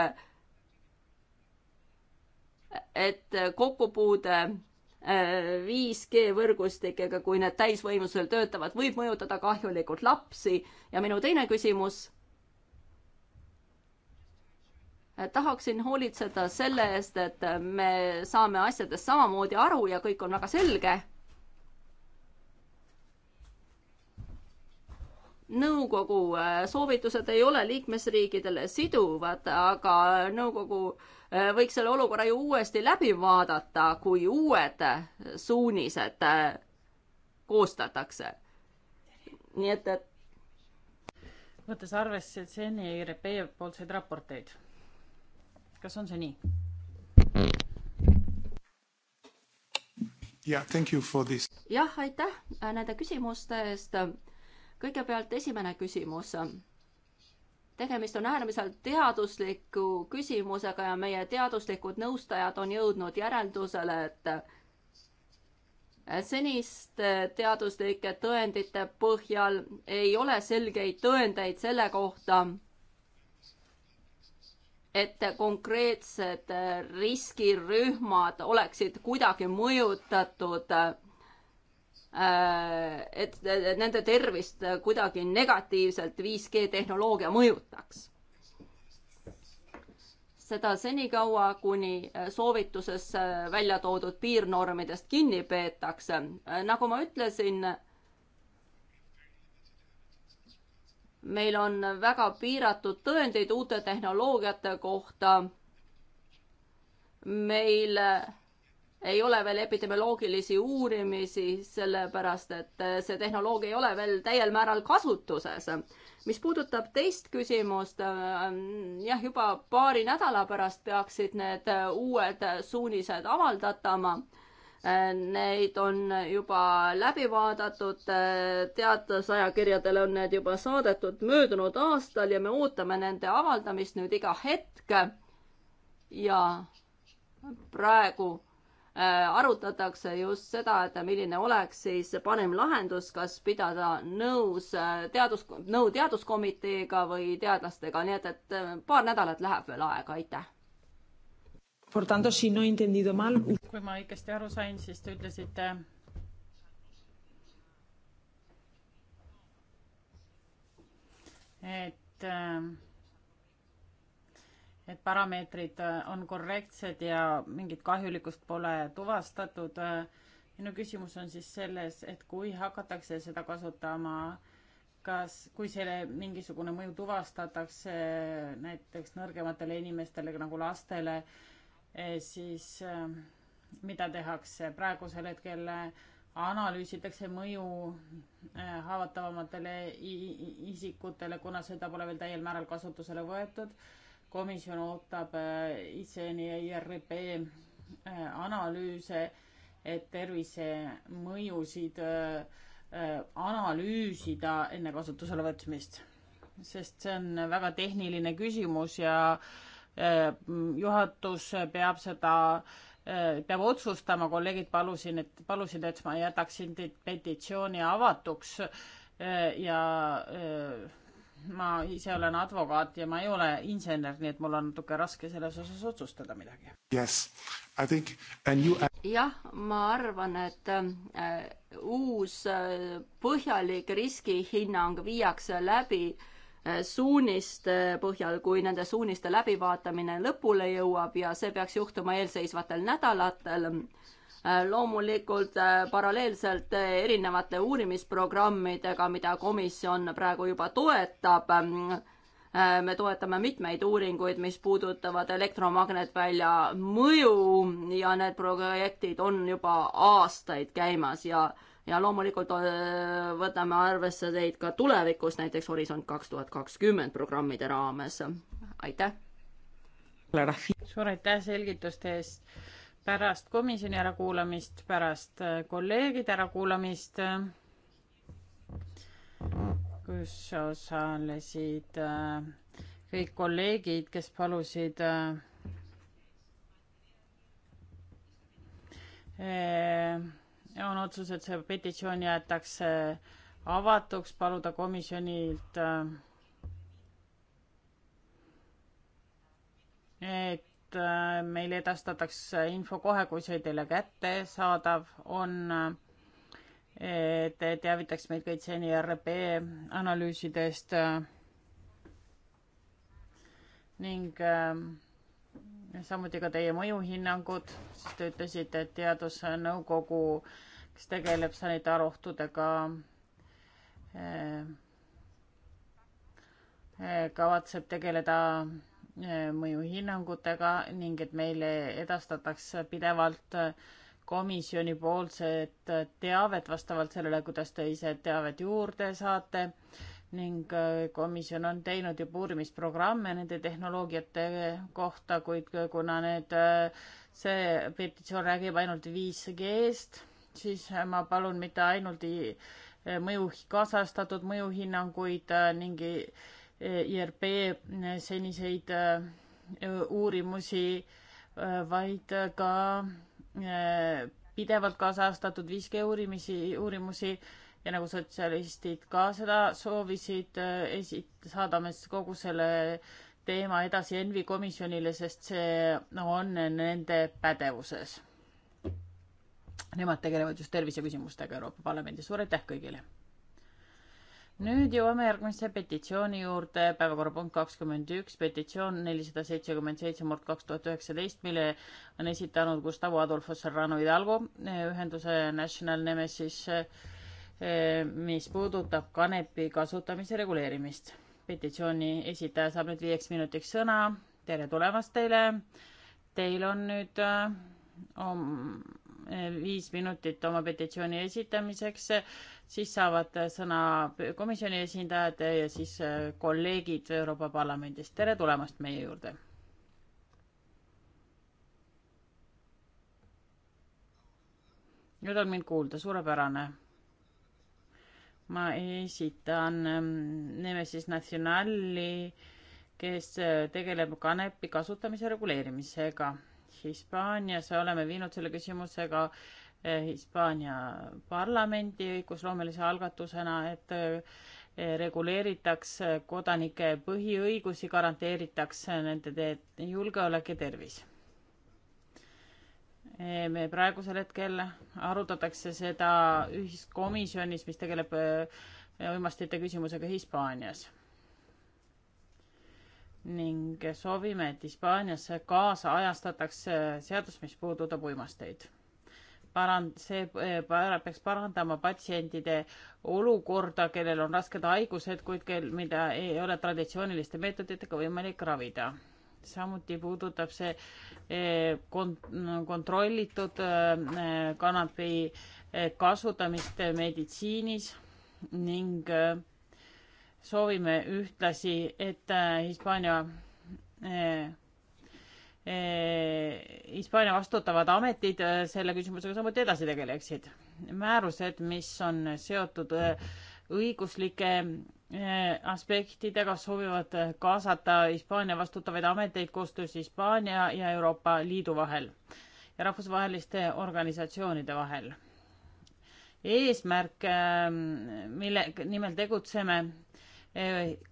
et kokkupuude 5G võrgustikega, kui need täisvõimsusel töötavad, võib mõjutada kahjulikult lapsi. ja minu teine küsimus. tahaksin hoolitseda selle eest, et me saame asjadest samamoodi aru ja kõik on väga selge nõukogu äh, soovitused ei ole liikmesriigidele siduvad, aga nõukogu äh, võiks selle olukorra ju uuesti läbi vaadata, kui uued äh, suunised koostatakse. nii et, et. võttes arvesse seni ERP poolseid raporteid, kas on see nii? jah, aitäh nende küsimuste eest kõigepealt esimene küsimus. tegemist on äärmiselt teadusliku küsimusega ja meie teaduslikud nõustajad on jõudnud järeldusele, et seniste teaduslike tõendite põhjal ei ole selgeid tõendeid selle kohta, et konkreetsed riskirühmad oleksid kuidagi mõjutatud äh, Äh, et nende tervist kuidagi negatiivselt 5G tehnoloogia mõjutaks. seda senikaua, kuni soovituses äh, välja toodud piirnormidest kinni peetakse. Äh, nagu ma ütlesin, meil on väga piiratud tõendeid uute tehnoloogiate kohta. meil ei ole veel epidemioloogilisi uurimisi, sellepärast et äh, see tehnoloogia ei ole veel täiel määral kasutuses. mis puudutab teist küsimust, äh, jah, juba paari nädala pärast peaksid need äh, uued suunised avaldatama. Neid on juba läbi vaadatud, teadusajakirjadele on need juba saadetud möödunud aastal ja me ootame nende avaldamist nüüd iga hetk. ja praegu Äh, arutatakse just seda, et milline oleks siis parim lahendus, kas pidada nõus äh, teadus, nõu teaduskomiteega või teadlastega, nii et, et äh, paar nädalat läheb veel aega, aitäh. Por tanto, si no he entendido mal. kui ma õigesti aru sain, siis te ütlesite, et äh, need parameetrid äh, on korrektsed ja mingit kahjulikkust pole tuvastatud. Äh, minu küsimus on siis selles, et kui hakatakse seda kasutama, kas, kui selle mingisugune mõju tuvastatakse näiteks nõrgematele inimestele nagu lastele, eh, siis äh, mida tehakse praegusel hetkel, analüüsitakse mõju haavatavamatele isikutele, kuna seda pole veel täiel määral kasutusele võetud komisjon ootab äh, ICN-i ja IRP äh, analüüse, et tervisemõjusid äh, analüüsida enne kasutusele võtmist. sest see on väga tehniline küsimus ja juhatus peab seda peab otsustama, kolleegid palusin, et, palusid, et ma jätaksin petitsiooni avatuks ja ma ise olen advokaat ja ma ei ole insener, nii et mul on natuke raske selles osas otsustada midagi. jah, ma arvan, et äh, uus äh, põhjalik riskihinnang viiakse läbi äh, suuniste põhjal, kui nende suuniste läbivaatamine lõpule jõuab ja see peaks juhtuma eelseisvatel nädalatel Äh, loomulikult äh, paralleelselt äh, erinevate uurimisprogrammidega, mida komisjon praegu juba toetab, ähm, me toetame mitmeid uuringuid, mis puudutavad elektromagnetvälja mõju ja need projektid on juba aastaid käimas ja ja loomulikult võtame arvesse teid ka tulevikus, näiteks Horisont kaks tuhat kakskümmend programmide raames. aitäh! suur aitäh selgituste eest! pärast komisjoni ärakuulamist, pärast äh, kolleegide ärakuulamist, kus osalesid äh, kõik kolleegid, kes palusid äh, on otsus, et see petitsioon jäetakse avatuks, paluda komisjonilt, et et äh, meile edastatakse info kohe, kui see teile kättesaadav on. et teavitaks meid kõik seni RB analüüsidest. ning äh, samuti ka teie mõjuhinnangud, sest te ütlesite, et teadusnõukogu, kes tegeleb sanitaarohtudega, äh, kavatseb tegeleda mõjuhinnangutega ning et meile edastatakse pidevalt komisjoni poolset teavet vastavalt sellele, kuidas te ise teavet juurde saate ning äh, komisjon on teinud juba uurimisprogramme nende tehnoloogiate kohta, kuid kuna need, äh, see petitsioon räägib ainult 5G-st, siis ma palun mitte ainult äh, mõju, kaasajastatud mõjuhinnanguid ning E IRP eh, seniseid eh, uurimusi, eh, vaid ka pidevalt kaasajastatud 5G uurimisi, uurimusi ja nagu sotsialistid ka seda soovisid, esit-, saadame siis kogu selle teema edasi Envi komisjonile, sest see no, on nende pädevuses. Nemad tegelevad just terviseküsimustega Euroopa Parlamendis. suur aitäh kõigile! nüüd jõuame järgmise petitsiooni juurde, päevakorrapunkt kakskümmend üks, petitsioon nelisada seitsekümmend seitse murd kaks tuhat üheksateist, mille on esitanud Gustavo Adolfo Serrano Hidalgo eh, ühenduse National Nemesis, eh, mis puudutab kanepi kasutamise reguleerimist. petitsiooni esitaja saab nüüd viieks minutiks sõna, tere tulemast teile, teil on nüüd um, viis minutit oma petitsiooni esitamiseks, siis saavad sõna komisjoni esindajad ja siis kolleegid Euroopa Parlamendist. tere tulemast meie juurde. nüüd on mind kuulda, suurepärane. ma esitan ähm, Nemesis Nationali, kes äh, tegeleb kanepi kasutamise reguleerimisega Hispaanias oleme viinud selle küsimusega eh, Hispaania parlamendi õigusloomelise algatusena, et eh, reguleeritaks kodanike põhiõigusi, garanteeritaks nende julgeolek ja tervis. Eh, me praegusel hetkel arutatakse seda ühiskomisjonis, mis tegeleb uimastite küsimusega Hispaanias ning soovime, et Hispaanias kaasajastatakse seadus, mis puudutab uimasteid. parand-, see eh, para, peaks parandama patsientide olukorda, kellel on rasked haigused, kuid kel, mida ei ole traditsiooniliste meetoditega võimalik ravida. samuti puudutab see eh, kont-, kontrollitud eh, kanapi kasutamist meditsiinis ning soovime ühtlasi, et äh, Hispaania äh, äh, Hispaania vastutavad ametid selle küsimusega samuti edasi tegeleksid. määrused, mis on seotud õiguslike aspektidega, soovivad kaasata Hispaania vastutavaid ameteid koostöös Hispaania ja Euroopa Liidu vahel ja rahvusvaheliste organisatsioonide vahel. eesmärk, mille nimel tegutseme,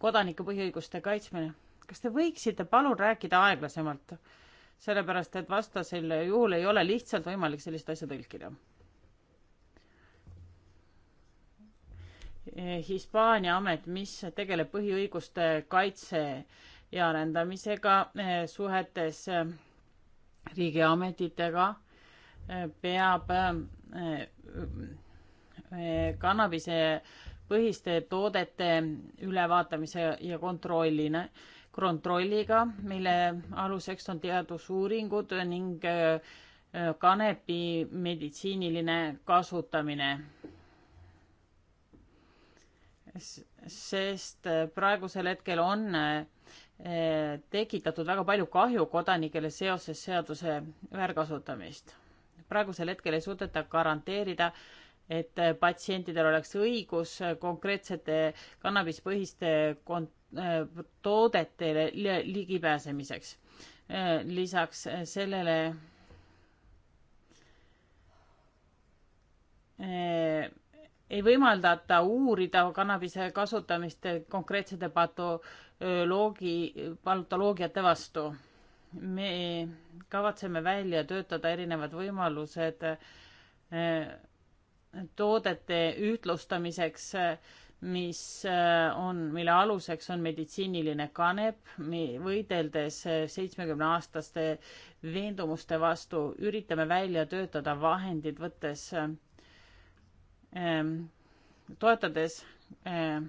kodanike põhiõiguste kaitsmine. kas te võiksite palun rääkida aeglasemalt? sellepärast, et vastasel juhul ei ole lihtsalt võimalik sellist asja tõlkida. Hispaania amet, mis tegeleb põhiõiguste kaitse ja arendamisega eh, suhetes eh, riigiametitega, eh, peab kannabise põhiste toodete ülevaatamise ja kontrollina, kontrolliga, mille aluseks on teadusuuringud ning äh, kanepi meditsiiniline kasutamine. sest äh, praegusel hetkel on äh, tekitatud väga palju kahju kodanikele seoses seaduse väärkasutamist. praegusel hetkel ei suudeta garanteerida äh, et äh, patsientidel oleks õigus äh, konkreetsete kannabispõhiste äh, toodetele ligipääsemiseks. lisaks sellele ei võimaldata uurida kannabise kasutamist konkreetsete patoloogi, patoloogiate vastu. me kavatseme välja töötada erinevad võimalused toodete ühtlustamiseks, mis äh, on, mille aluseks on meditsiiniline kanep, võideldes äh, seitsmekümne aastaste veendumuste vastu, üritame välja töötada vahendid, võttes ähm, toetades ähm,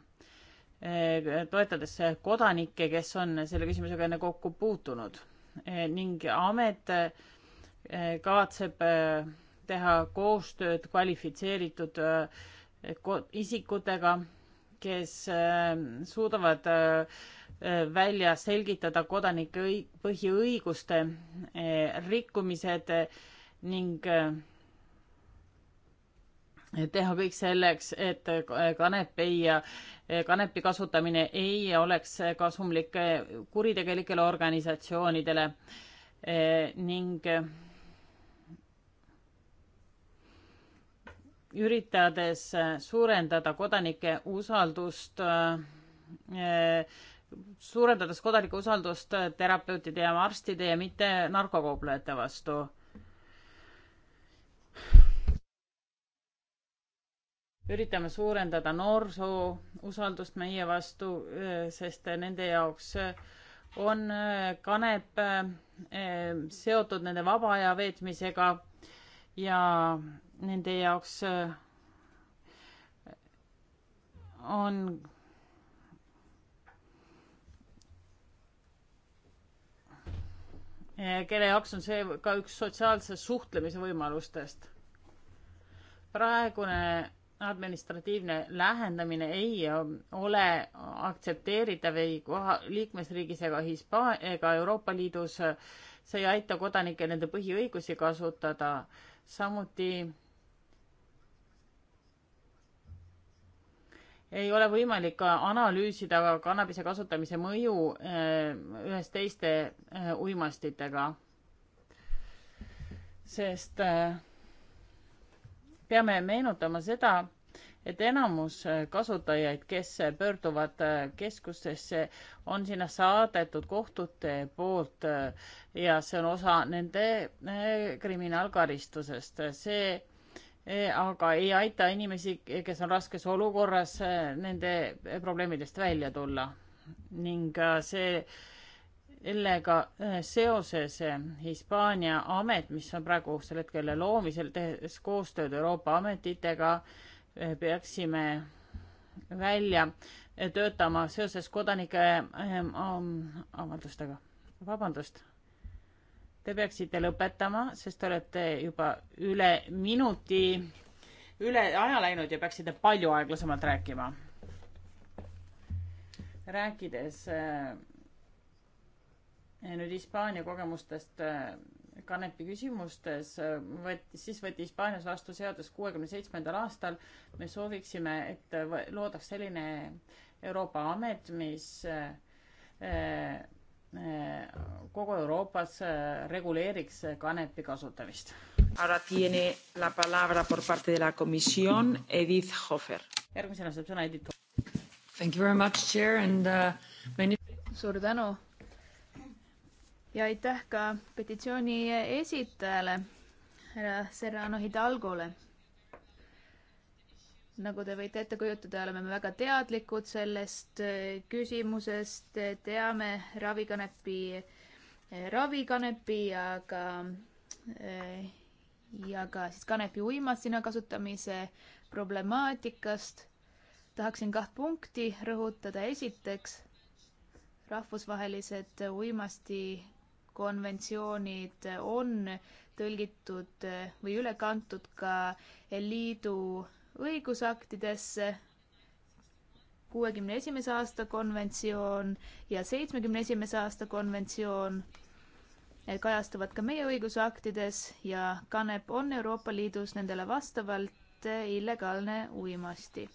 äh, toetades kodanikke, kes on selle küsimusega enne kokku puutunud ning amet kavatseb teha koostööd kvalifitseeritud eh, isikutega, kes eh, suudavad eh, välja selgitada kodanike põhiõiguste rikkumised ning teha kõik selleks, et kanepi ja kanepi kasutamine ei oleks kasumlik kuritegelikele organisatsioonidele ning üritades äh, suurendada kodanike usaldust, äh, suurendades kodanike usaldust äh, terapeutide ja arstide ja mitte narkokauplejate vastu üritame suurendada noorsoo usaldust meie vastu, sest nende jaoks on kanep seotud nende vaba aja veetmisega ja nende jaoks äh, on kelle jaoks on see ka üks sotsiaalse suhtlemise võimalustest. praegune administratiivne lähendamine ei ole aktsepteeritav ei koha, liikmesriigis ega Hispaa- ega Euroopa Liidus. see ei aita kodanikke nende põhiõigusi kasutada. samuti ei ole võimalik analüüsida kannabise kasutamise mõju eh, ühes teiste eh, uimastitega, sest eh, peame meenutama seda, et enamus kasutajaid, kes pöörduvad keskustesse, on sinna saadetud kohtute poolt ja see on osa nende kriminaalkaristusest. see Eh, aga ei aita inimesi, kes on raskes olukorras, eh, nende probleemidest välja tulla. ning eh, see, sellega seoses Hispaania amet, mis on praegusel hetkel loomisel, tehes koostööd Euroopa ametitega, peaksime välja töötama seoses kodanike avaldustega. vabandust Te peaksite lõpetama, sest te olete juba üle minuti üle aja läinud ja peaksite palju aeglasemalt rääkima. rääkides äh, nüüd Hispaania kogemustest äh, kanepi küsimustes, võeti, siis võeti Hispaanias vastu seadus kuuekümne seitsmendal aastal. me sooviksime, et loodaks selline Euroopa amet, mis äh, kogu Euroopas äh, reguleeriks kanepi kasutamist. Ahora tiene la palabra por parte de la comisión Edith Hofer. järgmisena saab sõna Edith. Thank you very much, chair and uh, many. suur tänu. ja aitäh ka petitsiooni esitajale, härra Serrano Hidalgole nagu te võite ette kujutada, oleme me väga teadlikud sellest äh, küsimusest, äh, teame ravikanepi, äh, ravikanepi ja ka, ja ka siis kanepi uimastina kasutamise problemaatikast. tahaksin kaht punkti rõhutada. esiteks, rahvusvahelised uimastikonventsioonid on tõlgitud või üle kantud ka liidu õigusaktidesse kuuekümne esimese aasta konventsioon ja seitsmekümne esimese aasta konventsioon kajastuvad ka meie õigusaktides ja kanep on Euroopa Liidus nendele vastavalt illegaalne uimasti.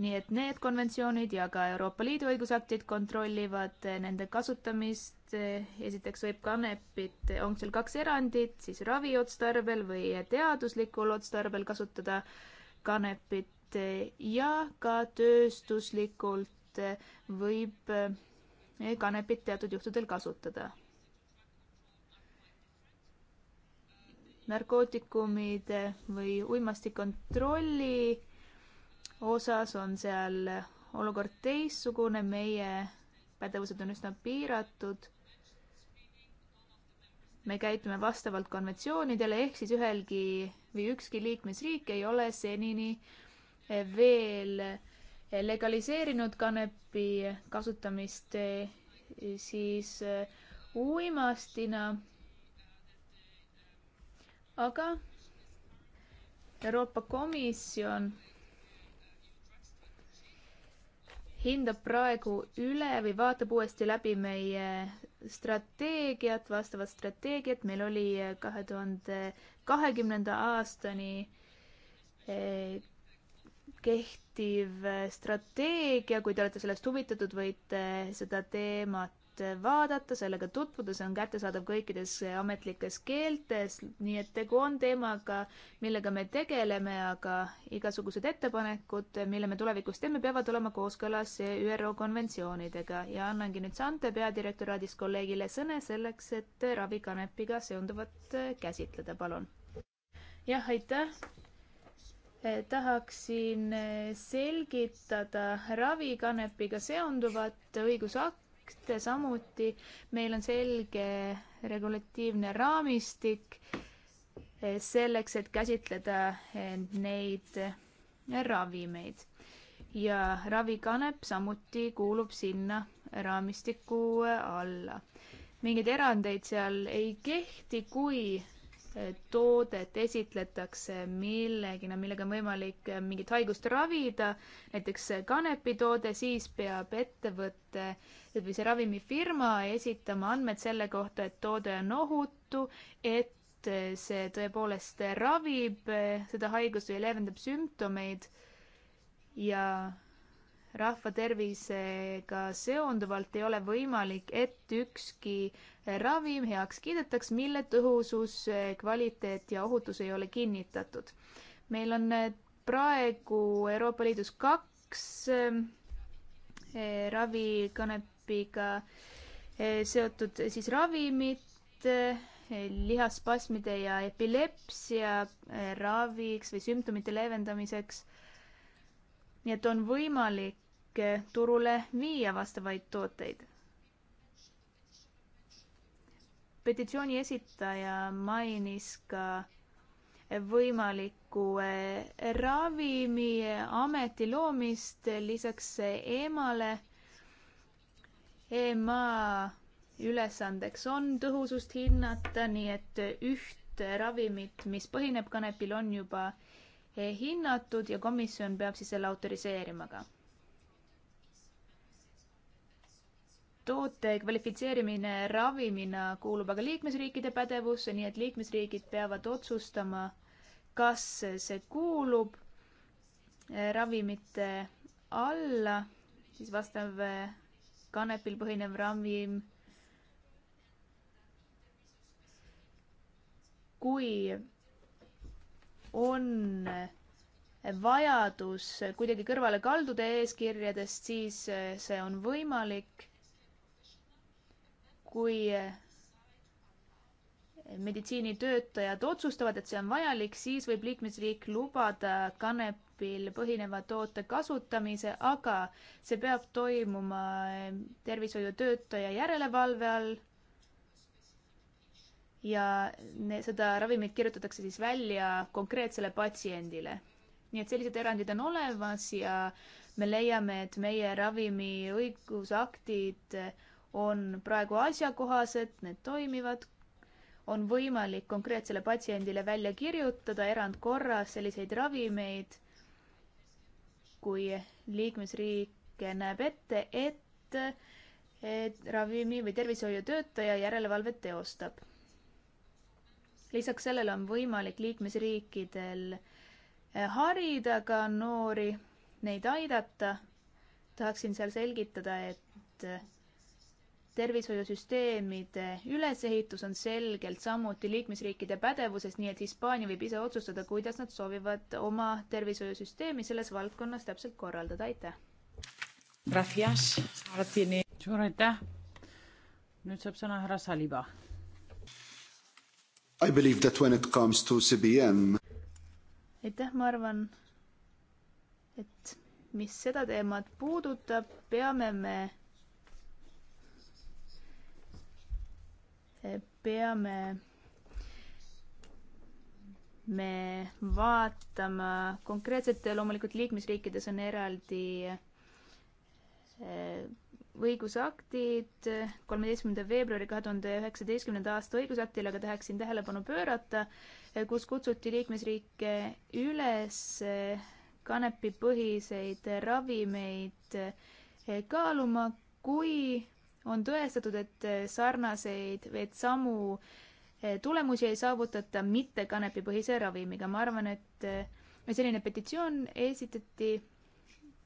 nii et need konventsioonid ja ka Euroopa Liidu õigusaktid kontrollivad nende kasutamist Eh, esiteks võib kanepit, on seal kaks erandit, siis raviotstarbel või teaduslikul otstarbel kasutada kanepit eh, ja ka tööstuslikult eh, võib kanepit teatud juhtudel kasutada. narkootikumide või uimastikontrolli osas on seal olukord teistsugune, meie pädevused on üsna piiratud me käitume vastavalt konventsioonidele, ehk siis ühelgi või ükski liikmesriik ei ole senini veel legaliseerinud kanepi kasutamist eh, siis eh, uimastina. aga Euroopa Komisjon hindab praegu üle või vaatab uuesti läbi meie strateegiat, vastavat strateegiat, meil oli eh, kahe tuhande kahekümnenda aastani eh, kehtiv eh, strateegia, kui te olete sellest huvitatud, võite seda teemat vaadata, sellega tutvuda, see on kättesaadav kõikides ametlikes keeltes, nii et tegu on teemaga, millega me tegeleme, aga igasugused ettepanekud, mille me tulevikus teeme, peavad olema kooskõlas ÜRO konventsioonidega ja annangi nüüd Sante peadirektoraadist kolleegile sõne selleks, et ravikanepiga seonduvat käsitleda, palun. jah, aitäh eh, tahaksin eh, selgitada ravikanepiga seonduvat õigusakti, aspekt samuti. meil on selge regulatiivne raamistik eh, selleks, et käsitleda eh, neid ravimeid ja ravikanep samuti kuulub sinna raamistiku alla. mingeid erandeid seal ei kehti, kui toodet esitletakse millegina, millega on võimalik mingit haigust ravida, näiteks kanepitoode, siis peab ettevõte või see ravimifirma esitama andmed selle kohta, et toode on ohutu, et see tõepoolest ravib seda haigust või leevendab sümptomeid ja rahva tervisega seonduvalt ei ole võimalik, et ükski ravim heaks kiidetaks, mille tõhusus, kvaliteet ja ohutus ei ole kinnitatud. meil on eh, praegu Euroopa Liidus kaks eh, ravikanepiga eh, seotud siis ravimit, lihaspasmide ja epilepsia raviks või sümptomite leevendamiseks nii et on võimalik turule viia vastavaid tooteid. petitsiooni esitaja mainis ka võimalikku eh, ravimiameti loomist lisaks emale. ema ülesandeks on tõhusust hinnata, nii et üht ravimit, mis põhineb kanepil, on juba hinnatud ja komisjon peab siis selle autoriseerima ka. toote kvalifitseerimine ravimina kuulub aga liikmesriikide pädevusse, nii et liikmesriigid peavad otsustama, kas see kuulub eh, ravimite alla, siis vastav eh, kanepil põhinev ravim kui on vajadus kuidagi kõrvale kalduda eeskirjadest, siis see on võimalik. kui meditsiinitöötajad otsustavad, et see on vajalik, siis võib liikmesriik lubada kanepil põhineva toote kasutamise, aga see peab toimuma tervishoiutöötaja järelevalve all ja ne, seda ravimit kirjutatakse siis välja konkreetsele patsiendile. nii et sellised erandid on olemas ja me leiame, et meie ravimi õigusaktid on praegu asjakohased, need toimivad, on võimalik konkreetsele patsiendile välja kirjutada erandkorras selliseid ravimeid, kui liikmesriike näeb ette, et ravimi või tervishoiutöötaja järelevalvet teostab lisaks sellele on võimalik liikmesriikidel eh, harida ka noori, neid aidata. tahaksin seal selgitada, et eh, tervishoiusüsteemide ülesehitus on selgelt samuti liikmesriikide pädevuses, nii et Hispaania võib ise otsustada, kuidas nad soovivad oma tervishoiusüsteemi selles valdkonnas täpselt korraldada. aitäh! suur aitäh! nüüd saab sõna härra Saliba I believe that when it comes to CBM. aitäh, ma arvan, et mis seda teemat puudutab, peame me, peame me vaatama konkreetselt, loomulikult liikmesriikides on eraldi eh, õigusaktid kolmeteistkümnenda veebruari kahe tuhande üheksateistkümnenda aasta õigusaktile, aga tahaksin tähelepanu pöörata, kus kutsuti liikmesriike üles kanepipõhiseid ravimeid kaaluma, kui on tõestatud, et sarnaseid, et samu tulemusi ei saavutata mitte kanepipõhise ravimiga. ma arvan, et selline petitsioon esitati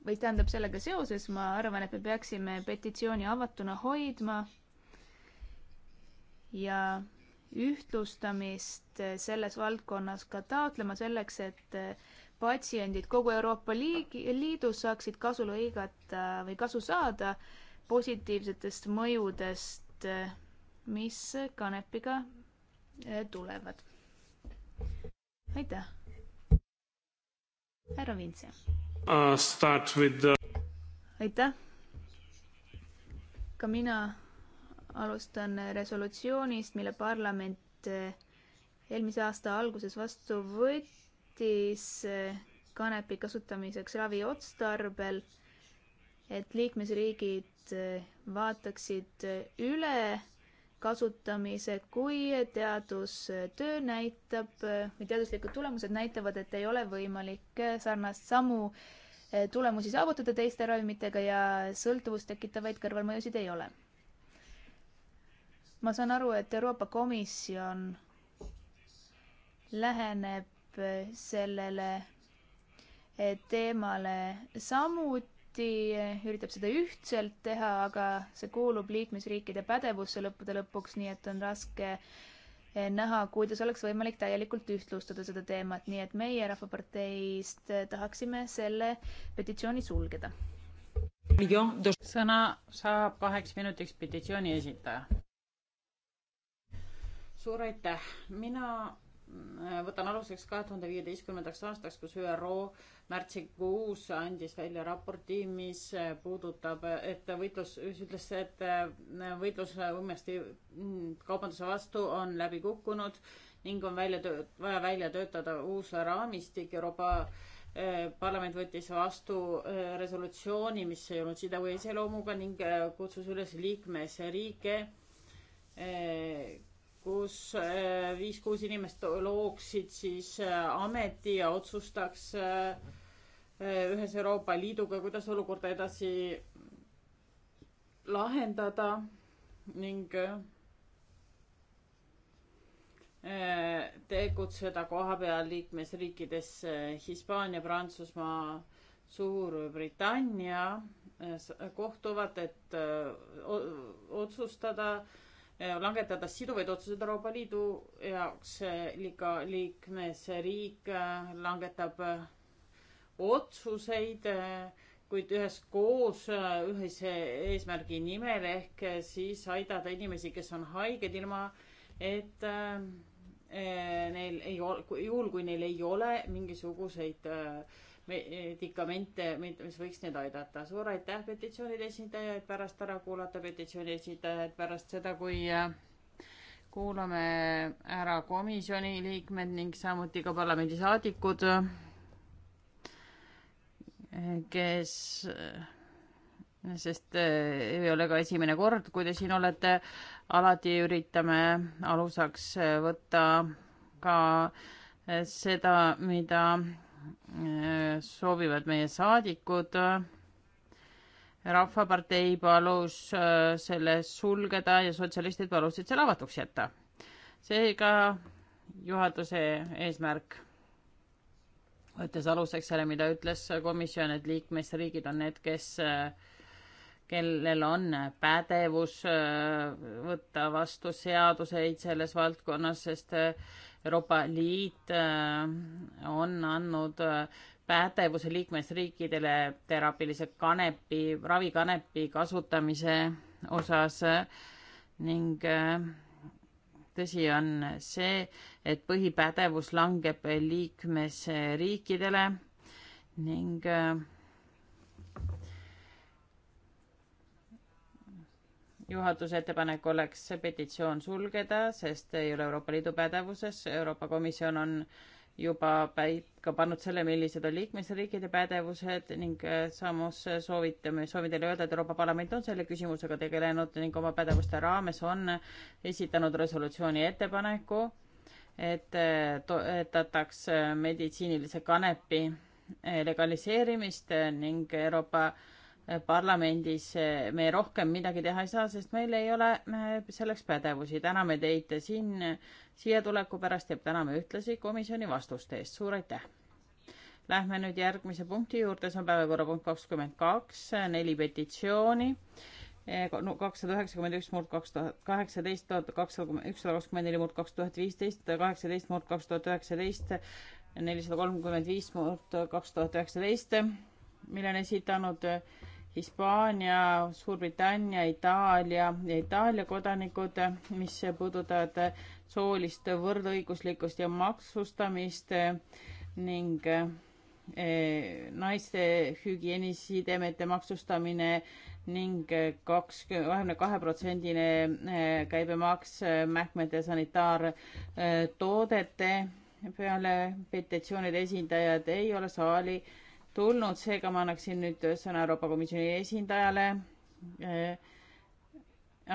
või tähendab, sellega seoses ma arvan, et me peaksime petitsiooni avatuna hoidma ja ühtlustamist selles valdkonnas ka taotlema selleks, et patsiendid kogu Euroopa liigi, Liidus saaksid kasu lõigata või kasu saada positiivsetest mõjudest, mis kanepiga eh, tulevad. aitäh! härra Vintse uh, start with the... aitäh. ka mina alustan resolutsioonist, mille parlament eh, eelmise aasta alguses vastu võttis eh, kanepi kasutamiseks raviotstarbel, et liikmesriigid eh, vaataksid üle kasutamise, kui teadustöö näitab või teaduslikud tulemused näitavad, et ei ole võimalik sarnast samu eh, tulemusi saavutada teiste ravimitega ja sõltuvust tekitavaid kõrvalmõjusid ei ole. ma saan aru, et Euroopa Komisjon läheneb sellele eh, teemale samuti Läti üritab seda ühtselt teha, aga see kuulub liikmesriikide pädevusse lõppude lõpuks, nii et on raske eh, näha, kuidas oleks võimalik täielikult ühtlustada seda teemat, nii et meie Rahvaparteist eh, tahaksime selle petitsiooni sulgeda. sõna saab kaheks minutiks petitsiooni esitaja. suur aitäh, mina võtan aluseks kahe tuhande viieteistkümnendaks aastaks, kus ÜRO märtsikuus andis välja raporti, mis puudutab, et võitlus, ütles, et võitlus ummesti kaubanduse vastu on läbi kukkunud ning on välja töö-, vaja välja töötada uus raamistik. Euroopa eh, Parlament võttis vastu eh, resolutsiooni, mis ei olnud sidevõi iseloomuga ning eh, kutsus üles liikmesriike kus eh, viis-kuus inimest looksid siis eh, ameti ja otsustaks eh, ühes Euroopa Liiduga, kuidas olukorda edasi lahendada ning tegutseda kohapeal liikmesriikides Hispaania, Prantsusmaa, Suurbritannia kohtuvad, et otsustada Äh, langetada siduvaid otsuseid Euroopa Liidu jaoks, liiga liikmesriik äh, langetab äh, otsuseid, kuid üheskoos ühise eesmärgi nimel ehk siis aidata inimesi, kes on haiged, ilma et neil ei ole, juhul kui neil ei ole mingisuguseid äh, medikamente, mis võiks neid aidata. suur aitäh petitsioonide esindajaid, pärast ära kuulata petitsiooni esindajaid, pärast seda, kui äh, kuulame ära komisjoni liikmed ning samuti ka parlamendisaadikud, kes, sest äh, ei ole ka esimene kord, kui te siin olete, alati üritame aluseks võtta ka äh, seda, mida Äh, soovivad meie saadikud äh, rahvapartei palus äh, selle sulgeda ja sotsialistid palusid selle avatuks jätta. seega juhatuse eesmärk, võttes aluseks selle, mida ütles komisjon, et liikmesriigid on need, kes, kellel on pädevus võtta vastu seaduseid selles valdkonnas, sest Euroopa Liit äh, on andnud äh, pädevuse liikmesriikidele teraapilise kanepi, ravikanepi kasutamise osas äh, ning tõsi on see, et põhipädevus langeb liikmesriikidele ning äh, juhatuse ettepanek oleks see petitsioon sulgeda, sest ei ole Euroopa Liidu pädevuses, Euroopa Komisjon on juba paika pannud selle, millised on liikmesriikide pädevused ning äh, samas soovitame, soovin teile öelda, et Euroopa Parlament on selle küsimusega tegelenud ning oma pädevuste raames on esitanud resolutsiooni ettepaneku, et äh, toetataks äh, meditsiinilise kanepi legaliseerimist ning Euroopa parlamendis me rohkem midagi teha ei saa, sest meil ei ole selleks pädevusi. täname teid siin siia tuleku pärast ja täname ühtlasi komisjoni vastuste eest. suur aitäh! Lähme nüüd järgmise punkti juurde, see on päevakorrapunkt kakskümmend kaks, neli petitsiooni eh, kakssada üheksakümmend üks murd kaks tuhat kaheksateist, tuhat kakssada, ükssada kakskümmend neli murd kaks tuhat viisteist, kaheksateist murd kaks tuhat üheksateist, nelisada kolmkümmend viis murd kaks tuhat üheksateist, mille on esitanud Hispaania, Suurbritannia, Itaalia ja Itaalia kodanikud, mis puudutavad soolist võrdõiguslikkust ja maksustamist ning eh, naiste hügieenisidemete maksustamine ning kakskümmend, kahekümne kahe protsendine eh, käibemaks eh, mähkmete sanitaartoodete peale petitsioonide esindajad ei ole saali tulnud, seega ma annaksin nüüd sõna Euroopa Komisjoni esindajale. Eh,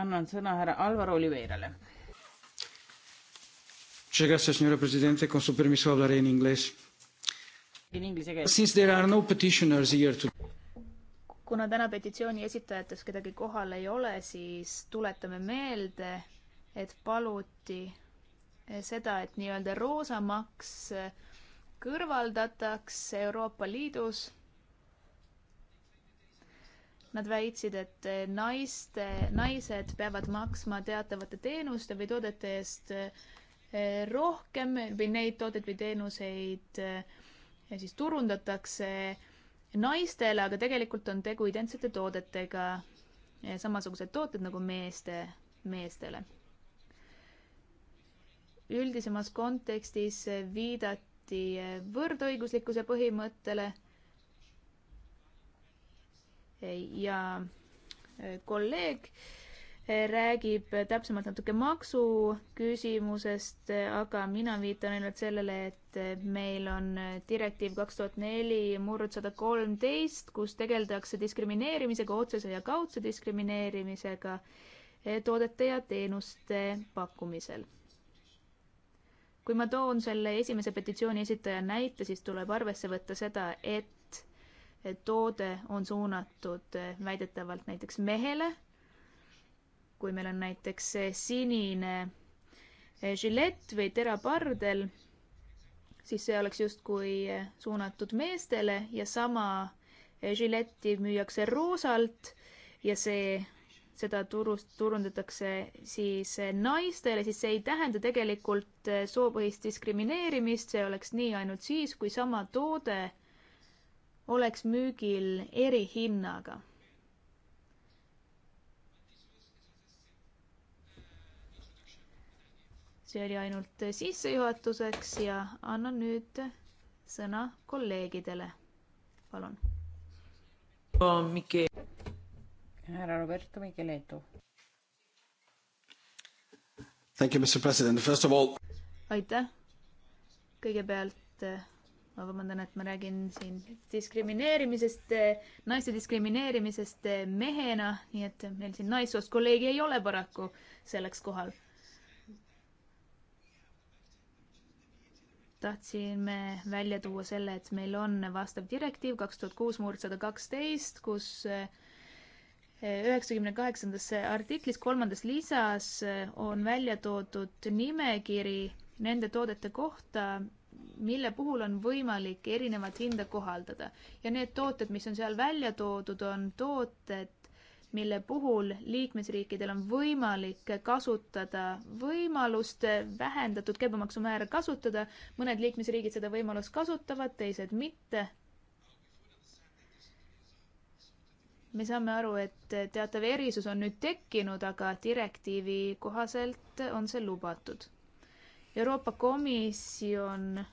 annan sõna härra Alvar Oliveirale. Since there are no petitioners here to kuna täna petitsiooni esitajatest kedagi kohal ei ole, siis tuletame meelde, et paluti seda, et nii-öelda roosamaks äh, kõrvaldatakse Euroopa Liidus. Nad väitsid, et naiste, naised peavad maksma teatavate teenuste või toodete eest eh, rohkem või neid tooteid või teenuseid eh, siis turundatakse naistele, aga tegelikult on tegu identsete toodetega, eh, samasugused tooted nagu meeste, meestele üldisemas kontekstis viidati viidati võrdõiguslikkuse põhimõttele ja kolleeg räägib täpsemalt natuke maksuküsimusest, aga mina viitan ainult sellele, et meil on direktiiv kaks tuhat neli murd sada kolmteist, kus tegeldakse diskrimineerimisega, otsese ja kaudse diskrimineerimisega toodete ja teenuste pakkumisel kui ma toon selle esimese petitsiooni esitaja näite, siis tuleb arvesse võtta seda, et toode on suunatud eh, väidetavalt näiteks mehele. kui meil on näiteks eh, sinine eh, žilett või terapardel, siis see oleks justkui suunatud meestele ja sama žiletti müüakse roosalt ja see seda turust, turundatakse siis naistele, siis see ei tähenda tegelikult eh, soopõhist diskrimineerimist, see oleks nii ainult siis, kui sama toode oleks müügil erihinnaga. see oli ainult sissejuhatuseks ja annan nüüd sõna kolleegidele. palun härra Roberto Micheletu. Thank you, Mr President, first of all. aitäh. kõigepealt eh, ma vabandan, et ma räägin siin diskrimineerimisest, eh, naiste diskrimineerimisest eh, mehena, nii et meil siin naissoost kolleegi ei ole paraku selleks kohal tahtsime välja tuua selle, et meil on vastav direktiiv kaks tuhat kuus murd sada kaksteist, kus üheksakümne kaheksandas artiklis kolmandas lisas eh, on välja toodud nimekiri nende toodete kohta, mille puhul on võimalik erinevat hinda kohaldada. ja need tooted, mis on seal välja toodud, on tooted, mille puhul liikmesriikidel on võimalik kasutada võimalust vähendatud käibemaksumäära kasutada. mõned liikmesriigid seda võimalust kasutavad, teised mitte. me saame aru, et teatav erisus on nüüd tekkinud, aga direktiivi kohaselt on see lubatud. Euroopa Komisjon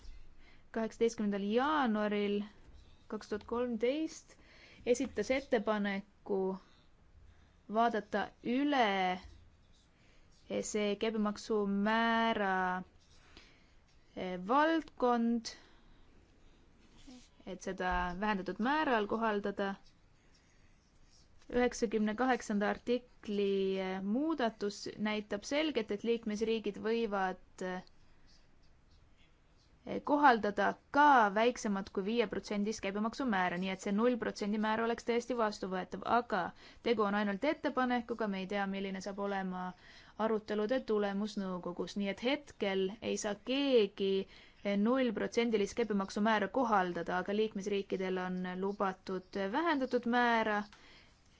kaheksateistkümnendal jaanuaril kaks tuhat kolmteist esitas ettepaneku vaadata üle see käibemaksumäära eh, valdkond, et seda vähendatud määral kohaldada üheksakümne kaheksanda artikli eh, muudatus näitab selgelt, et liikmesriigid võivad eh, kohaldada ka väiksemat kui viieprotsendist käibemaksumäära, nii et see null protsendi määr oleks täiesti vastuvõetav, aga tegu on ainult ettepanekuga, me ei tea, milline saab olema arutelude tulemus nõukogus, nii et hetkel ei saa keegi eh, nullprotsendilist käibemaksumäära kohaldada, aga liikmesriikidel on lubatud vähendatud määra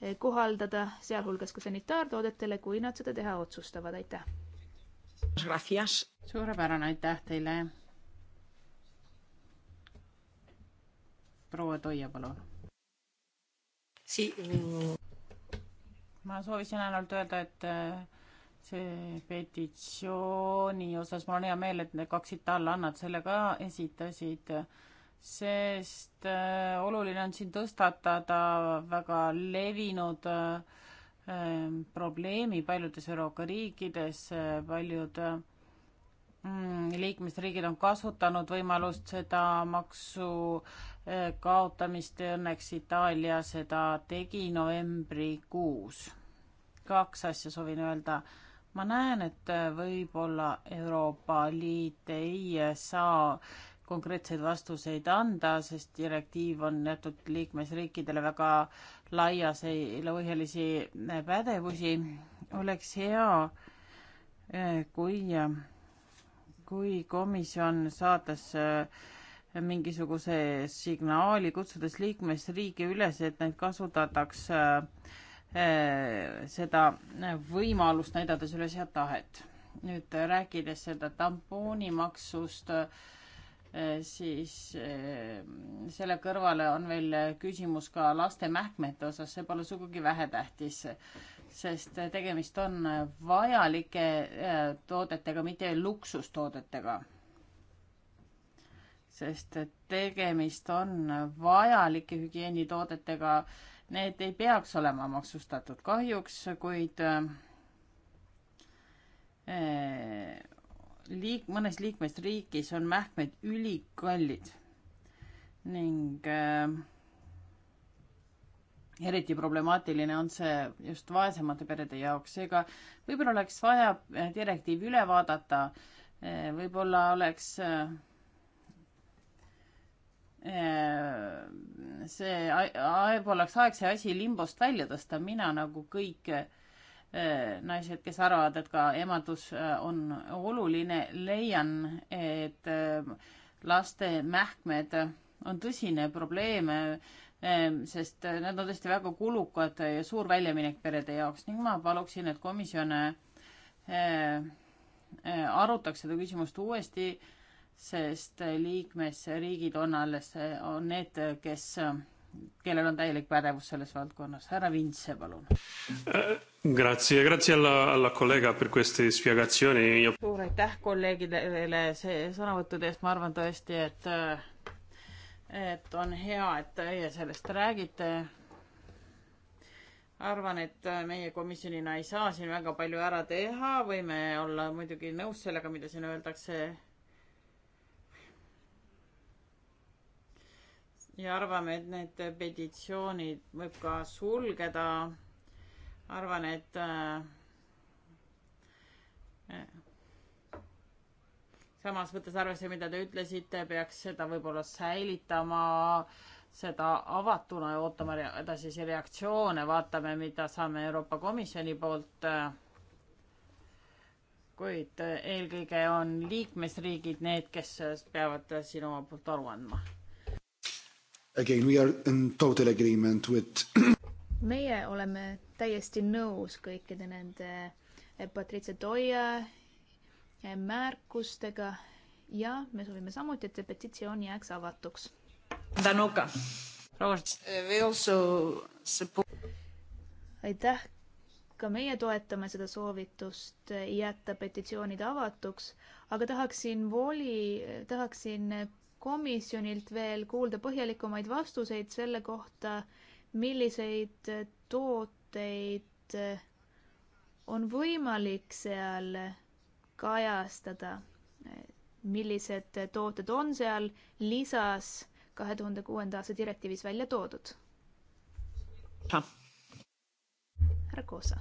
Eh, kohaldada, sealhulgas ka sanitaartoodetele, kui nad seda teha otsustavad, aitäh! suurepärane, aitäh teile! proua Toia, palun si! ma soovisin ainult öelda, et eh, see petitsiooni osas mul on hea meel, et need kaks Itaalia annad selle ka esitasid sest äh, oluline on siin tõstatada väga levinud äh, ähm, probleemi paljudes Euroopa riikides, äh, paljud mm, liikmesriigid on kasutanud võimalust seda maksu kaotamist ja õnneks Itaalia seda tegi novembrikuus. kaks asja soovin öelda. ma näen, et võib-olla Euroopa Liit ei saa äh, konkreetseid vastuseid anda, sest direktiiv on jäetud liikmesriikidele väga laias põhjalisi pädevusi. oleks hea, eh, kui, kui komisjon saates eh, mingisuguse signaali, kutsudes liikmesriigi üles, et neid kasutataks eh, seda võimalust, näidates üles head tahet. nüüd rääkides seda tampoonimaksust äh, Äh, siis äh, selle kõrvale on veel küsimus ka laste mähkmete osas, see pole sugugi vähetähtis, sest tegemist on vajalike äh, toodetega, mitte luksustoodetega. sest tegemist on vajalike hügieenitoodetega, need ei peaks olema maksustatud kahjuks, kuid äh, liik-, mõnes liikmesriigis on mähkmed ülikallid ning äh, eriti problemaatiline on see just vaesemate perede jaoks, seega võib-olla oleks vaja äh, direktiiv üle vaadata, äh, võib-olla oleks äh, see, võib-olla oleks aeg see asi limbost välja tõsta, mina nagu kõik naised, kes arvavad, et ka emadus äh, on oluline, leian, et äh, laste mähkmed on tõsine probleem, äh, sest nad on tõesti väga kulukad ja suur väljaminek perede jaoks ning ma paluksin, et komisjon arutaks seda küsimust uuesti, sest liikmesriigid on alles, on need, kes kellel on täielik pädevus selles valdkonnas. härra Vintse, palun äh,. Grazie, grazie alla, alla kollega per queste spiegatsiooni ja.... suur aitäh kolleegidele sõnavõttude eest, ma arvan tõesti, et et on hea, et teie sellest räägite. arvan, et meie komisjonina ei saa siin väga palju ära teha, võime olla muidugi nõus sellega, mida siin öeldakse ja arvame, et need petitsioonid võib ka sulgeda. arvan, et äh, samas võttes arvesse, mida te ütlesite, peaks seda võib-olla säilitama, seda avatuna ja ootama edasisi reaktsioone, vaatame, mida saame Euroopa Komisjoni poolt. kuid eelkõige on liikmesriigid need, kes peavad siin omalt poolt aru andma Again, we are in total agreement with meie oleme täiesti nõus kõikide nende eh, Patricia Toia eh, märkustega ja me soovime samuti, et see petitsioon jääks avatuks. Danuka. Eh, aitäh, ka meie toetame seda soovitust jätta petitsioonid avatuks, aga tahaksin voli, tahaksin komisjonilt veel kuulda põhjalikumaid vastuseid selle kohta, milliseid tooteid on võimalik seal kajastada, millised tooted on seal lisas kahe tuhande kuuenda aasta direktiivis välja toodud. härra Koosa.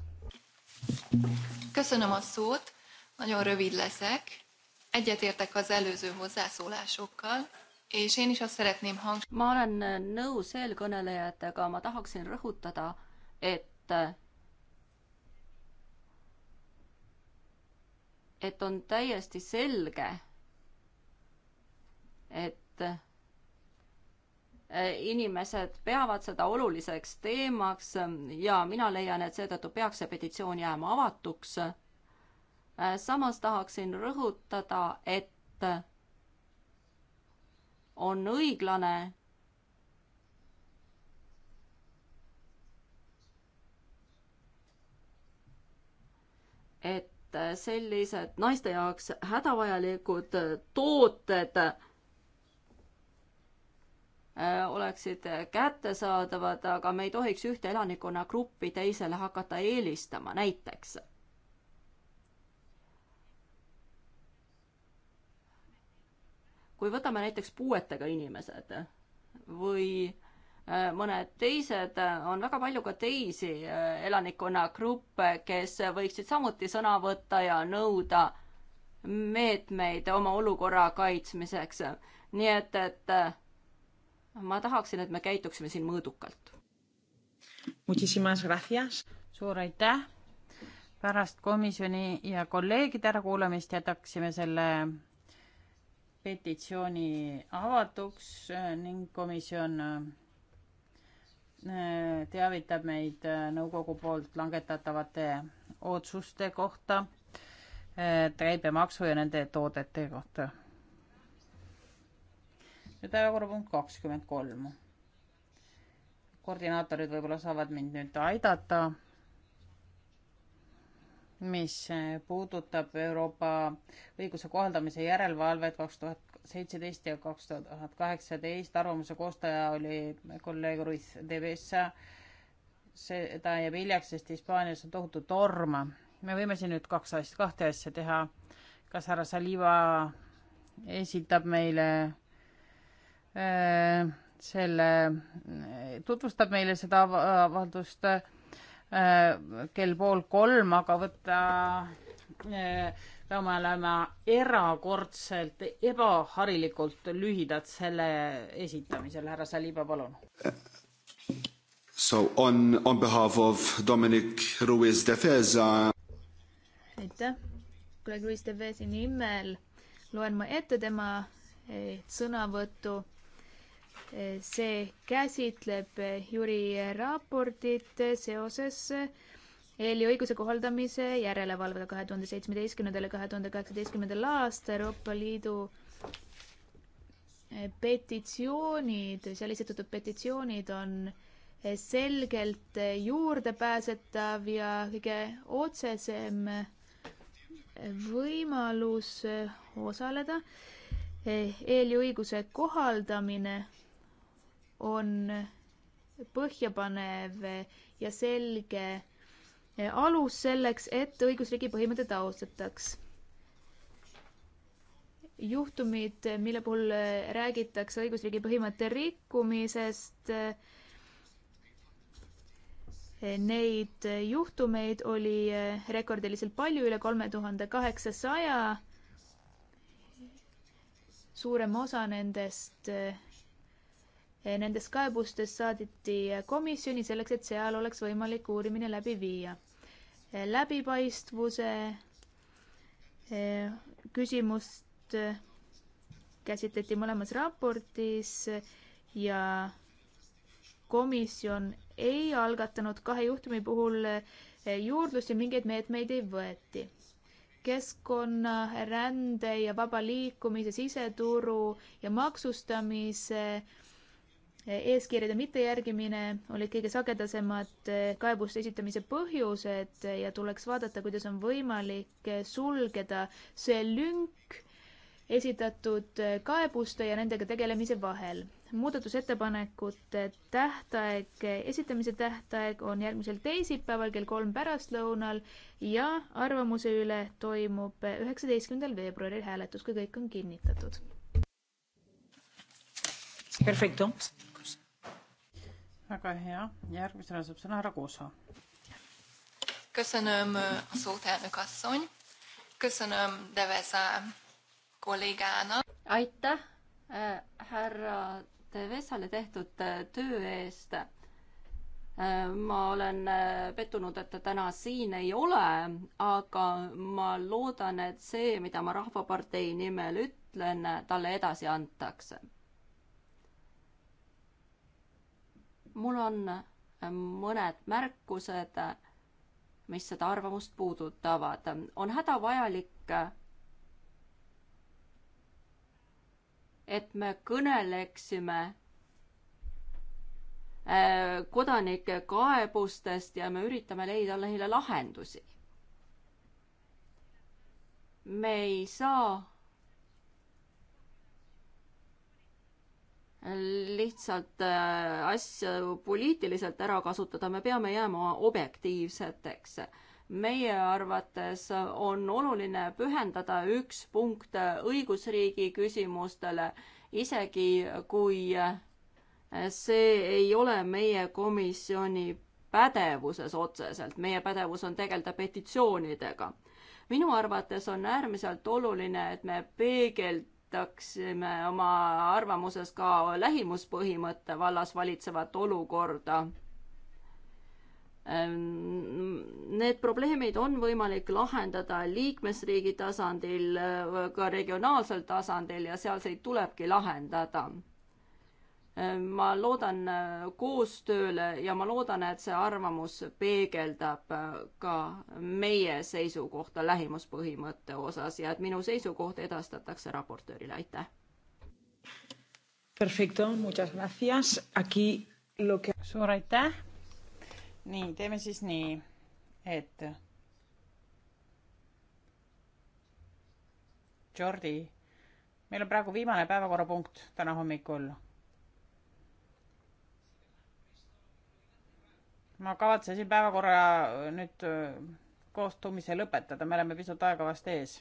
köszönöm a szót, nagyon rövid leszek Egyetértek az előző hozzászólásokkal, és én is azt szeretném hangsúlyozni. ma olen nõus eelkõnelejatega, ma tahaksin rõhutada, et et on täiesti selge, et inimesed peavad seda oluliseks teemaks ja mina leian, et seetõttu peaks see petitsioon jääma avatuks Äh, samas tahaksin rõhutada, et on õiglane et sellised naiste jaoks hädavajalikud tooted äh, oleksid kättesaadavad, aga me ei tohiks ühte elanikkonnagruppi teisele hakata eelistama, näiteks kui võtame näiteks puuetega inimesed või äh, mõned teised, äh, on väga palju ka teisi äh, elanikkonnagruppe, kes võiksid samuti sõna võtta ja nõuda meetmeid oma olukorra kaitsmiseks. nii et, et ma tahaksin, et me käituksime siin mõõdukalt. suur aitäh. pärast komisjoni ja kolleegide ärakuulamist jätaksime selle petitsiooni avatuks äh, ning komisjon äh, teavitab meid äh, nõukogu poolt langetatavate otsuste kohta, käibemaksu ja nende toodete kohta. nüüd päevakorrapunkt kakskümmend kolm. koordinaatorid võib-olla saavad mind nüüd aidata mis puudutab Euroopa õiguse kohaldamise järelevalvet kaks tuhat seitseteist ja kaks tuhat kaheksateist. arvamuse koostaja oli kolleeg Ruiz de Vesa. see, ta jääb hiljaks, sest Hispaanias on tohutu torm. me võime siin nüüd kaks asja, kahte asja teha. kas härra Saliva esitab meile äh, selle, tutvustab meile seda avaldust äh, Äh, kell pool kolm, aga võtta äh, peame olema erakordselt ebaharilikult lühidad selle esitamisel. härra Saliba, palun. So on, on behalf of Dominic Ruiz de Feza. aitäh, kolleeg Ruiz de Fezi nimel loen ma ette tema eh, sõnavõttu see käsitleb Jüri raportit seoses EL-i õiguse kohaldamise järelevalvega kahe tuhande seitsmeteistkümnendal ja kahe tuhande kaheksateistkümnendal aastal Euroopa Liidu petitsioonid, seal esitatud petitsioonid on selgelt juurdepääsetav ja kõige otsesem võimalus osaleda. EL-i õiguse kohaldamine on põhjapanev ja selge alus selleks, et õigusriigi põhimõtted austataks. juhtumid, mille puhul räägitakse õigusriigi põhimõtte rikkumisest, neid juhtumeid oli rekordiliselt palju, üle kolme tuhande kaheksasaja. suurem osa nendest Eh, nendest kaebustest saadeti eh, komisjoni selleks, et seal oleks võimalik uurimine läbi viia. Eh, läbipaistvuse küsimust käsitleti mõlemas raportis ja komisjon ei algatanud kahe juhtumi puhul juurdlust ja mingeid meetmeid ei võeti. keskkonna, rände ja vaba liikumise, siseturu ja maksustamise eeskirjade mittejärgimine olid kõige sagedasemad eh, kaebuste esitamise põhjused ja tuleks vaadata, kuidas on võimalik eh, sulgeda see lünk esitatud eh, kaebuste ja nendega tegelemise vahel. muudatusettepanekute tähtaeg, esitamise tähtaeg on järgmisel teisipäeval kell kolm pärastlõunal ja arvamuse üle toimub üheksateistkümnendal veebruaril hääletus, kui kõik on kinnitatud. Perfecto väga hea, järgmisena saab sõna härra Kuusa. köszönöm a szót, elnök asszony. Köszönöm Deveza kollégának. Aitäh härra Devezale tehtud töö eest. ma olen pettunud, et ta täna siin ei ole, aga ma loodan, et see, mida ma Rahvapartei nimel ütlen, talle edasi antakse mul on äh, mõned märkused, mis seda arvamust puudutavad. on hädavajalik, et me kõneleksime äh, kodanike kaebustest ja me üritame leida neile lahendusi. me ei saa lihtsalt äh, asju poliitiliselt ära kasutada, me peame jääma objektiivseteks. meie arvates on oluline pühendada üks punkt õigusriigi küsimustele, isegi kui äh, see ei ole meie komisjoni pädevuses otseselt, meie pädevus on tegeleda petitsioonidega. minu arvates on äärmiselt oluline, et me peegelt arvestaksime oma arvamuses ka lähimuspõhimõtte vallas valitsevat olukorda. Ähm, need probleemid on võimalik lahendada liikmesriigi tasandil, ka regionaalsel tasandil ja sealseid tulebki lahendada ma loodan äh, koostööle ja ma loodan, et see arvamus peegeldab äh, ka meie seisukohta lähimuspõhimõtte osas ja et minu seisukoht edastatakse raportöörile, aitäh. Perfecto, muchas gracias, aquí lo que. suur aitäh. nii, teeme siis nii, et. Jordi, meil on praegu viimane päevakorrapunkt täna hommikul ma kavatsesin päevakorra äh, nüüd äh, koostumise lõpetada, me oleme pisut aega vast ees.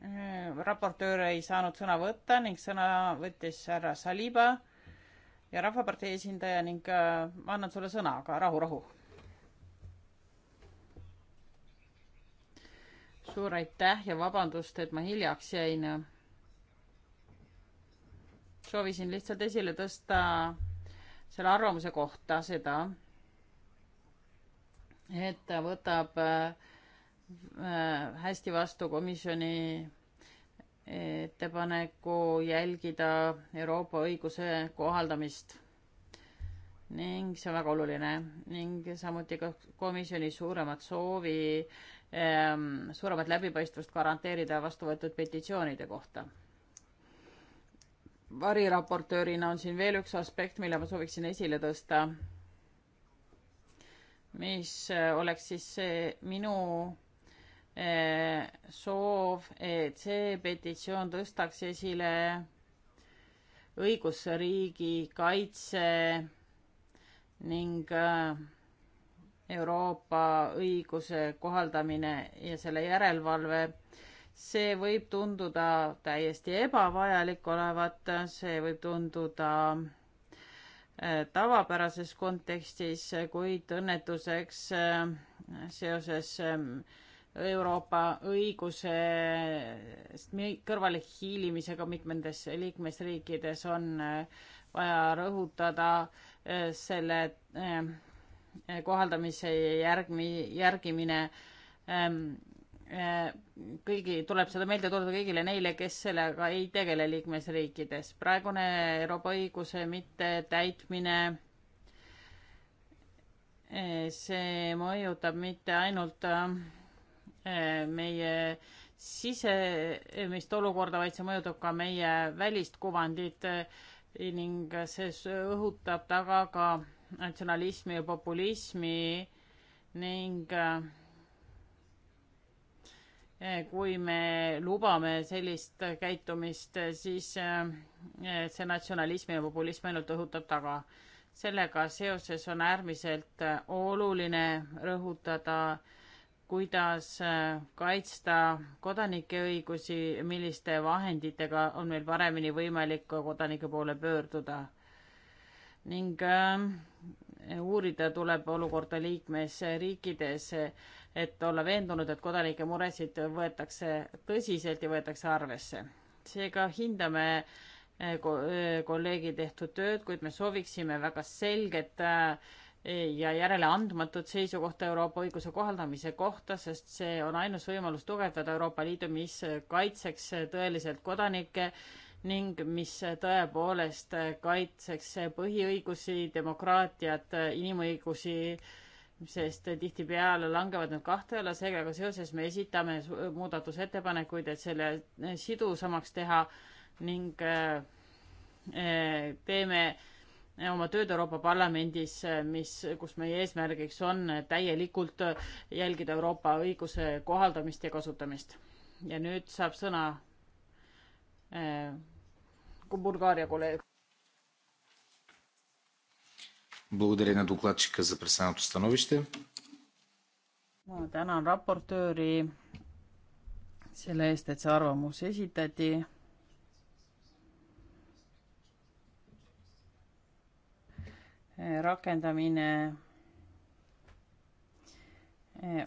Äh, raportöör ei saanud sõna võtta ning sõna võttis härra Saliba ja Rahvapartei esindaja ning ma annan sulle sõna, aga rahu, rahu. suur aitäh ja vabandust, et ma hiljaks jäin soovisin lihtsalt esile tõsta selle arvamuse kohta seda, et ta võtab äh, hästi vastu komisjoni ettepaneku jälgida Euroopa õiguse kohaldamist ning see on väga oluline ning samuti ka komisjoni suuremat soovi, ähm, suuremat läbipaistvust garanteerida vastu võetud petitsioonide kohta variraportöörina on siin veel üks aspekt, mille ma sooviksin esile tõsta, mis äh, oleks siis see minu äh, soov, et see petitsioon tõstaks esile õigusriigi kaitse ning äh, Euroopa õiguse kohaldamine ja selle järelevalve see võib tunduda täiesti ebavajalik olevat, see võib tunduda äh, tavapärases kontekstis, kuid õnnetuseks äh, seoses ähm, Euroopa õigusest äh, kõrvale hiilimisega mitmetes liikmesriikides on vaja rõhutada selle kohaldamise järgmi-, järgimine ähm, kõigi, tuleb seda meelde toodada kõigile neile, kes sellega ei tegele liikmesriikides. praegune Euroopa õiguse mittetäitmine, eh, see mõjutab mitte ainult eh, meie sisemist olukorda, vaid see mõjutab ka meie välist kuvandit eh, ning see õhutab taga ka natsionalismi ja populismi ning äh, Eh, kui me lubame sellist käitumist, siis eh, see natsionalismi ja populismi ainult õhutab taga. sellega seoses on äärmiselt eh, oluline rõhutada, kuidas kaitsta kodanike õigusi, milliste vahenditega on meil paremini võimalik ka kodanike poole pöörduda. ning uurida tuleb olukorda liikmesriikides et olla veendunud, et kodanike muresid võetakse tõsiselt ja võetakse arvesse. seega hindame eh, eh, kolleegi tehtud tööd, kuid me sooviksime väga selget eh, ja järeleandmatut seisukohta Euroopa õiguse kohaldamise kohta, sest see on ainus võimalus tugevdada Euroopa Liidu, mis kaitseks tõeliselt kodanikke ning mis tõepoolest kaitseks põhiõigusi, demokraatiat, inimõigusi äh, sest tihtipeale langevad nad kahte alla, seega seoses me esitame muudatusettepanekuid, et selle eh, sidusamaks teha ning eh, eh, teeme oma tööd Euroopa Parlamendis, mis, kus meie eesmärgiks on täielikult jälgida Euroopa õiguse kohaldamist ja kasutamist. ja nüüd saab sõna äh, Bulgaaria kolleeg. Благодаря на докладчика за представеното становище. ma tänan raportööri selle eest, et see arvamus esitati. rakendamine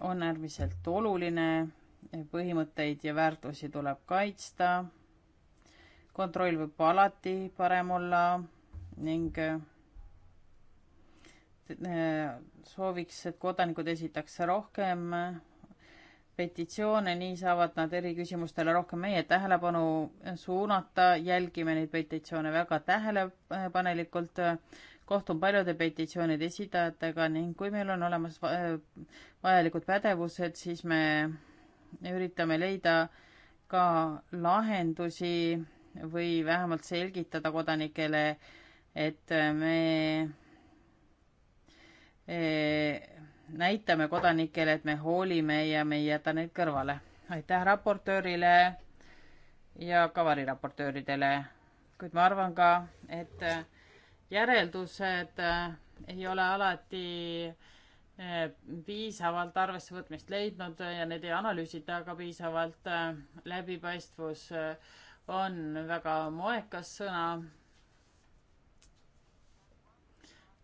on äärmiselt oluline, põhimõtteid ja väärtusi tuleb kaitsta. kontroll võib alati parem olla ning Äh, sooviks, et kodanikud esitaks rohkem äh, petitsioone, nii saavad nad eriküsimustele rohkem meie tähelepanu äh, suunata, jälgime neid petitsioone väga tähelepanelikult, kohtun paljude petitsioonide esitajatega ning kui meil on olemas vajalikud pädevused, siis me üritame leida ka lahendusi või vähemalt selgitada kodanikele, et me näitame kodanikele, et me hoolime ja me ei jäta neid kõrvale. aitäh raportöörile ja ka variraportööridele, kuid ma arvan ka, et järeldused ei ole alati eh, piisavalt arvessevõtmist leidnud ja need ei analüüsita ka piisavalt. Eh, läbipaistvus eh, on väga moekas sõna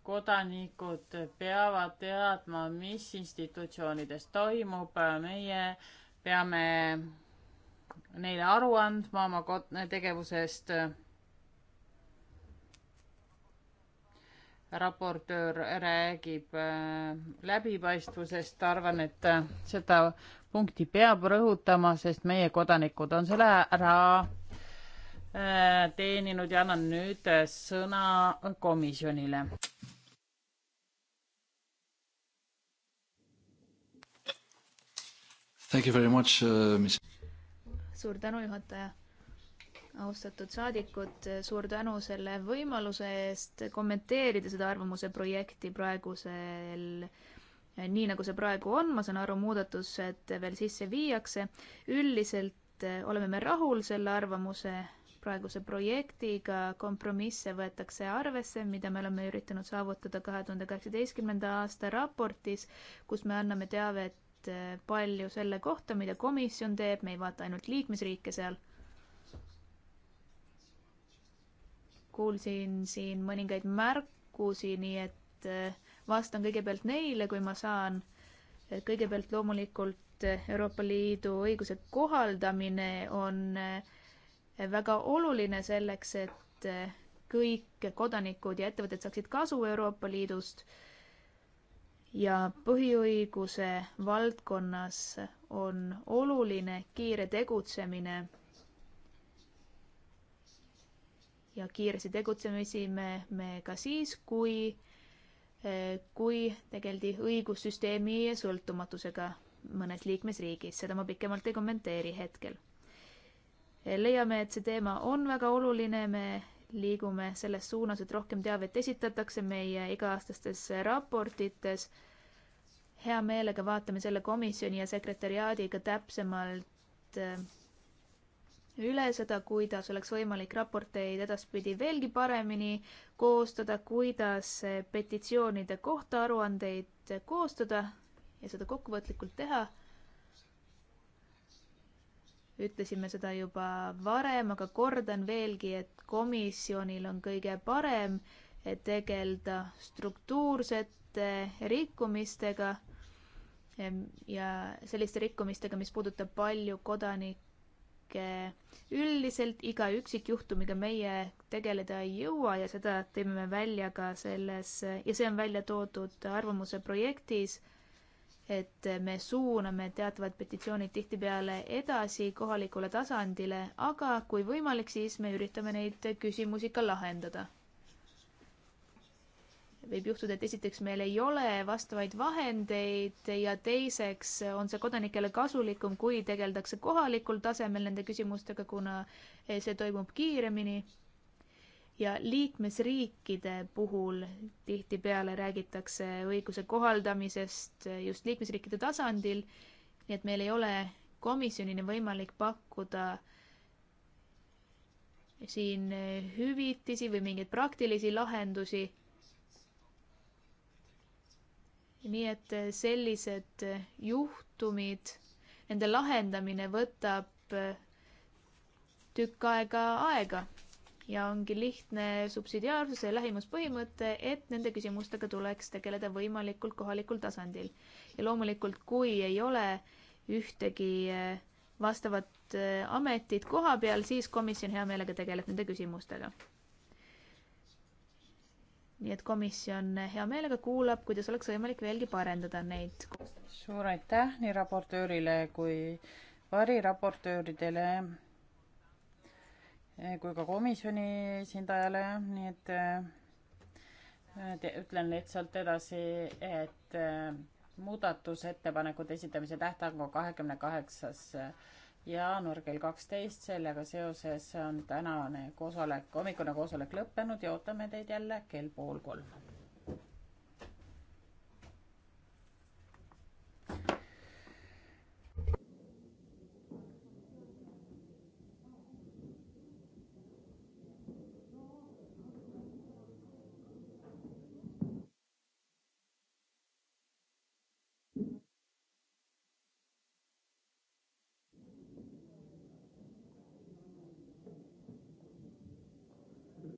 kodanikud peavad teadma, mis institutsioonides toimub, meie peame neile aru andma oma kod-, tegevusest. raportöör räägib äh, läbipaistvusest, arvan, et äh, seda punkti peab rõhutama, sest meie kodanikud on selle ära Äh, teeninud ja annan nüüd sõna komisjonile. Thank you very much uh,, mis. suur tänu, juhataja. austatud saadikud, suur tänu selle võimaluse eest kommenteerida seda arvamuse projekti praegusel nii nagu see praegu on, ma saan aru, muudatused veel sisse viiakse. üldiselt oleme me rahul selle arvamuse praeguse projektiga, kompromisse võetakse arvesse, mida me oleme üritanud saavutada kahe tuhande kaheksateistkümnenda aasta raportis, kus me anname teavet eh, palju selle kohta, mida komisjon teeb, me ei vaata ainult liikmesriike seal. kuulsin siin mõningaid märkusi, nii et eh, vastan kõigepealt neile, kui ma saan. Eh, kõigepealt loomulikult Euroopa Liidu õiguse kohaldamine on äh, väga oluline selleks, et eh, kõik kodanikud ja ettevõtted saaksid kasu Euroopa Liidust ja põhiõiguse valdkonnas on oluline kiire tegutsemine. ja kiiresti tegutsemisi me, me ka siis, kui, eh, kui tegeldi õigussüsteemi sõltumatusega mõnes liikmesriigis, seda ma pikemalt ei kommenteeri hetkel leiame, et see teema on väga oluline, me liigume selles suunas, et rohkem teavet esitatakse meie iga-aastastes raportites. hea meelega vaatame selle komisjoni ja sekretäriaadiga täpsemalt äh, üle seda, kuidas oleks võimalik raporteid edaspidi veelgi paremini koostada, kuidas äh, petitsioonide kohta aruandeid koostada ja seda kokkuvõtlikult teha ütlesime seda juba varem, aga kordan veelgi, et komisjonil on kõige parem tegeleda struktuursete rikkumistega ja selliste rikkumistega, mis puudutab palju kodanikke üldiselt, iga üksikjuhtumiga meie tegeleda ei jõua ja seda teeme me välja ka selles ja see on välja toodud arvamuse projektis et me suuname teatavad petitsioonid tihtipeale edasi kohalikule tasandile, aga kui võimalik, siis me üritame neid küsimusi ka lahendada. võib juhtuda, et esiteks meil ei ole vastavaid vahendeid ja teiseks on see kodanikele kasulikum, kui tegeldakse kohalikul tasemel nende küsimustega, kuna see toimub kiiremini ja liikmesriikide puhul tihtipeale räägitakse õiguse kohaldamisest just liikmesriikide tasandil, nii et meil ei ole komisjonini võimalik pakkuda siin hüvitisi või mingeid praktilisi lahendusi. nii et sellised juhtumid, nende lahendamine võtab tükk aega aega ja ongi lihtne subsidiaarsuse ja lähimuspõhimõte, et nende küsimustega tuleks tegeleda võimalikult kohalikul tasandil. ja loomulikult, kui ei ole ühtegi eh, vastavat eh, ametit koha peal, siis komisjon hea meelega tegeleb nende küsimustega. nii et komisjon hea meelega kuulab, kuidas oleks võimalik veelgi parendada neid. suur aitäh nii raportöörile kui variraportööridele Eh, kui ka komisjoni esindajale, nii et eh, te, ütlen lihtsalt edasi, et eh, muudatusettepanekute esitamise tähtaeg on kahekümne kaheksas jaanuar kell kaksteist, sellega seoses on tänane koosolek, hommikune koosolek lõppenud ja ootame teid jälle kell pool kolm.